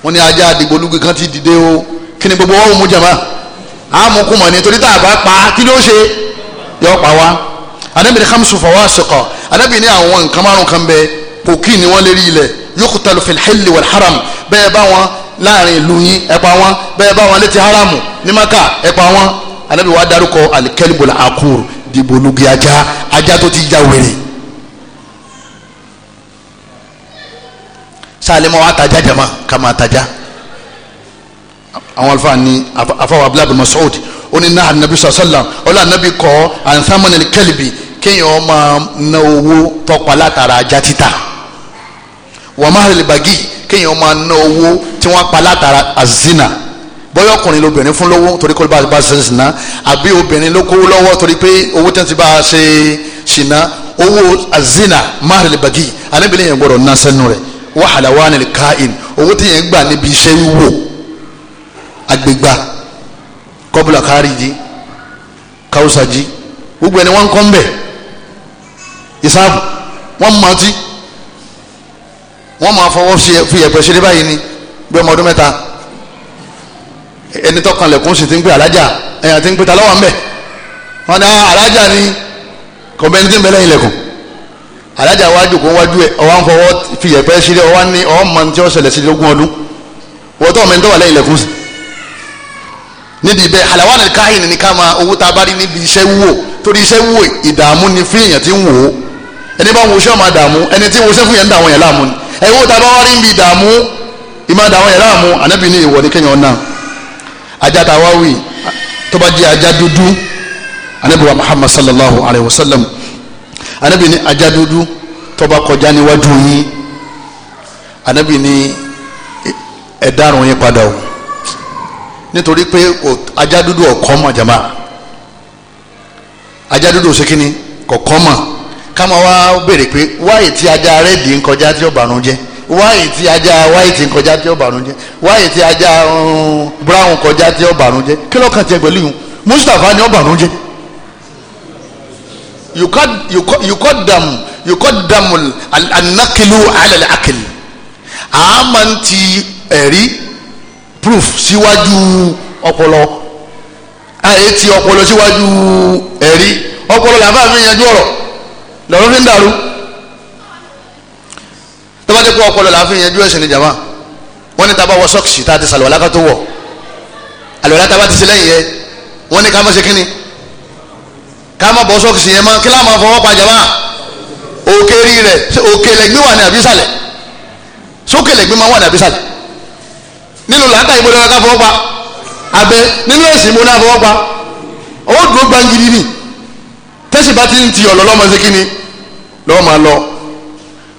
wọ́n ní ajá àdìgbòlugi kan ti dìde o kí ni gbogbo wọn ò mú jàmá àmukùmọ̀ ni torí tá a bá pa kí ló ṣe yọ pa wá anabi ni hamsu fawasiqa anabi ni àwọn nǹkan márùn kan bẹ kòkí ni wọ́n lérí ilẹ̀ yuqtalu fil hilli wal haram bẹ́ẹ̀ bá wọn láàrin ìlú yín ẹ pa wọn bẹ́ẹ̀ bá wọn létí haramu ní maka ẹ pa wọn anabi wa dárúkọ alikẹ́libọ̀lá akúr dìbò lugi ajá ajá tó ti já wèrè sálẹ̀mọ́ wa tajà jama ká máa àwọn alifa ni afawa abdulayi bin masoud ó ní náà anabi sọsọlá ọlọ́ anabi kọ́ ansamani kẹlẹbi kéèyàn máa ná owó tọpa látara ajá títà wọ́n máa rẹ̀ bàgì kéèyàn máa ná owó tí wọ́n pa látara azina bọ́yọ̀ ọkùnrin lóbìnrin fún lówó torí kó bá bá ṣe ṣìnà àbí obìnrin ló kówó lọ́wọ́ torí pé owó tẹ́ ti bá ṣe ṣìnà owó azina máa rẹ̀ bàgì anábìlẹ̀ yẹn gbọ́dọ̀ ná sẹ́nu rẹ̀ wàhálà wà ní káìn owó tí yẹn gbà níbi iṣẹ́ wíwò agbègbà kọ́bùlà kárìjì káwùsàjì gbogbo ẹni wọ́n ń kọ́ ń bẹ̀ ìsáàbù wọ́n mọ ọtí wọ́n máa fọwọ́ fi ẹ̀pẹ̀ ṣeré báyìí ni bí ọmọ ọdún mẹ́ta ẹni tọkànlẹ̀kùn sì ti ń pè alájà ẹ̀yà ti ń pè ta lọ́wọ́ ń bẹ̀ wọ́n ní ah, alájà ni kọ̀mẹ́ntì ń bẹ lẹ́yìn lẹ́kùn alájà wájú kó wájú ẹ ọwọ́ ń fọwọ́ fi yẹ̀pẹ́ sílẹ̀ ọwọ́ ní ọwọ́ mọ tí wọ́n ṣẹlẹ̀ sílẹ̀ ogún ọdún wọ́n tó ọmọ ẹni tó wà lẹ́yìn ilẹ̀kùn sí. nídìí bẹ́ẹ̀ halawan al-kahin ni ká máa owó tá a bá rí níbi iṣẹ́ wúwo torí iṣẹ́ wúwo ìdààmú ni fún èèyàn tí ń wò ó ẹni bá ń wo iṣẹ́ ọmọ àdààmú ẹni tí ń wo iṣẹ́ fún yẹn ń dà àwọn yẹn láàmú ni ẹ wo tá a bá wá rí níbi ìdààmú ìmọ̀ àdàwọn yẹn láàmú ànábì ní ìwọ ní kéèyàn náà ajá tá a wá wì tó bá jẹ́ Muhammad sallallahu alayhi wa anabi ni ajadudu dúdú tó bá kọjá níwájú yín anabi ni ẹ dárun yín padà o nítorí pé ajá dúdú ọ̀kọ́ mọ̀ jàmbá ajá dúdú òsèkínni kọ̀kọ́ mọ̀ káma wá béèrè pé wáyé tí ajá rẹ́ẹ̀dì ń kọjá tí ó bànú wáyé tí ajá wáyé tí ń tí ó bànú wáyé tí ajá um, brown kọjá tí ó bànú jẹ́ kí lọ́kàn tiẹ̀ pẹ̀lú yìí mustapha ni ó bànú yukọdamu yukọdamu anakilu alẹ akil a máa ń ti ẹ̀rí proof síwájú ọpọlọ àyè ti ọpọlọ síwájú ẹ̀rí ọpọlọ làbá mi yanjú ọ̀rọ̀ lọ́rọ́ fi ń dàrú tọ́bátẹ́ kó ọpọlọ làá fi yanjú ẹ̀sìn ní jama wọ́n ní tá a bá wọ sọ́ọ̀kì tá a ti sàlùwàlá ká tó wọ̀ àlùwàlá tá a bá ti ṣe lẹ́yìn yẹ wọ́n ní ká má ṣe Kama má bọ́ sọ́ọ̀kì sí yẹn mọ́ kí láwọn máa fọwọ́ pàjẹ́ wá òkè rí rẹ̀ òkè lẹ́gbẹ́ wà ní àbísàlẹ̀ sókè lẹ́gbẹ́ máa wà ní àbísàlẹ̀ nínú làákà ìbò lọ́wọ́ ká fọwọ́ pa abẹ nínú ẹ̀sìn ìbò náà fọwọ́ pa owó dúró gbangiri ni tẹ́sí bá ti ń ti ọ̀lọ́ lọ́mọ sí kíni lọ́wọ́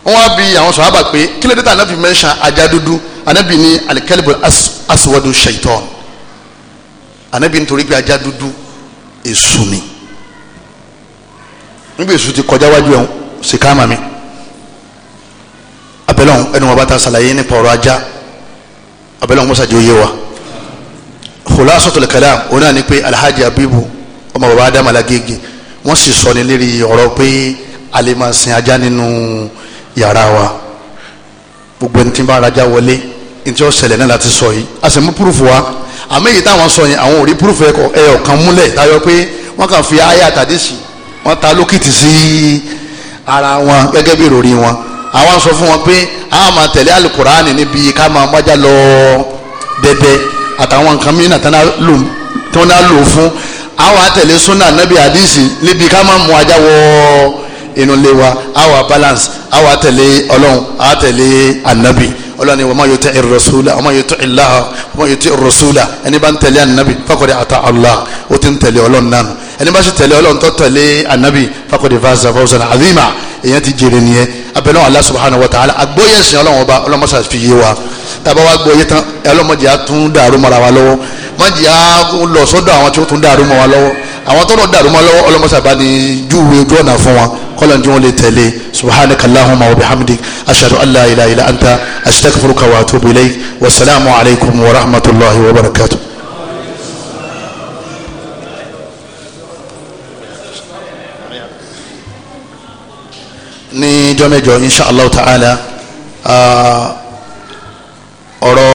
máa bi àwọn sọ̀hábà pé kí ló dé tà náà fi mẹ́ṣà ajá dúdú ànábì ní alikẹ́lẹ́bù aswadu shaitan ànábì nítorí pé ajá dúdú èṣù ni nígbà èso ti kọjá wájú ẹ̀hún sìkáàmà mi abẹ́lẹ́ ọ̀hún ẹni wọn bá ta ṣàlàyé nípa ọ̀rọ̀ ajá abẹ́lẹ́ ọ̀hún mọ́sàdì òye wa khulasatul kalam òun náà ni pé alhaji abibu ọmọ baba adamu alagege wọ́n sì sọ ní lérí ọ̀rọ̀ pé a lè máa sin ajá nínú yàrá wa gbogbo ẹni tí ń bá ara já wọlé ní tí ó ṣẹlẹ̀ náà láti sọ yìí a sì mú púrúfù wa àmì èyí táwọn sọ yẹn àwọn ò rí púrúfù ẹ̀kọ́ ẹ̀ọ̀kan múlẹ̀ tayọ pé wọ́n kàn fi ayé àtàdé sí i wọ́n ta lókìtì sí ara wọn gẹ́gẹ́ bí ìròrí wọn àwọn sọ fún wọn pé a máa tẹ̀lé alukuraani níbi ká máa wájà lọ dẹdẹ àtàwọn nǹkan mìíràn tó ń lò fún àwọn àtẹ̀lé sunna nabi hadisi níbi ká máa mú ajá wọ inú ilé wa àwọn balance àwọn àtẹ̀lé ọlọ́run àwọn àtẹ̀lé anabi ọlọ́ni wọ́n máa yóò tẹ́ ìrọ̀súlà wọ́n máa yóò tẹ́ ìlàhà wọ́n máa yóò tẹ́ ìrọ̀súlà ẹni bá ń tẹ̀lé ànábì faqad ata Allah ó ti ń tẹ̀lé ọlọ́run nánu ẹni bá sì tẹ̀lé ọlọ́run tó tẹ̀lé ànábì faqad faza fawzan azima èèyàn ti jèrè nìyẹn abẹ́lẹ́ Allah subhanahu wa ta'ala agbóyè sìn ọlọ́run ọba ọlọ́mọṣà fi yé wa tàbá wa gbóyè tán ọlọ́mọdé tún dàrú mọ́ra wa lọ́wọ́ mọ́jì á àwọn tí tún dàrú mọ́ wa lọ́wọ́ àwọn tọ́rọ̀ dàrú mọ́ lọ́wọ́ ọlọ́mọsàbá ni júwe ojú ọ̀nà fún wọn kọ́lọ̀ tí wọ́n lè tẹ̀lé subhanaka allahumma wa bihamdik ashhadu an la ilaha illa anta astaghfiruka wa atubu ilayk wa salaamu alaykum wa rahmatulahi wa barakatuh. ní jọ́mẹ́jọ insha allah ta'ala ah, ọ̀rọ̀.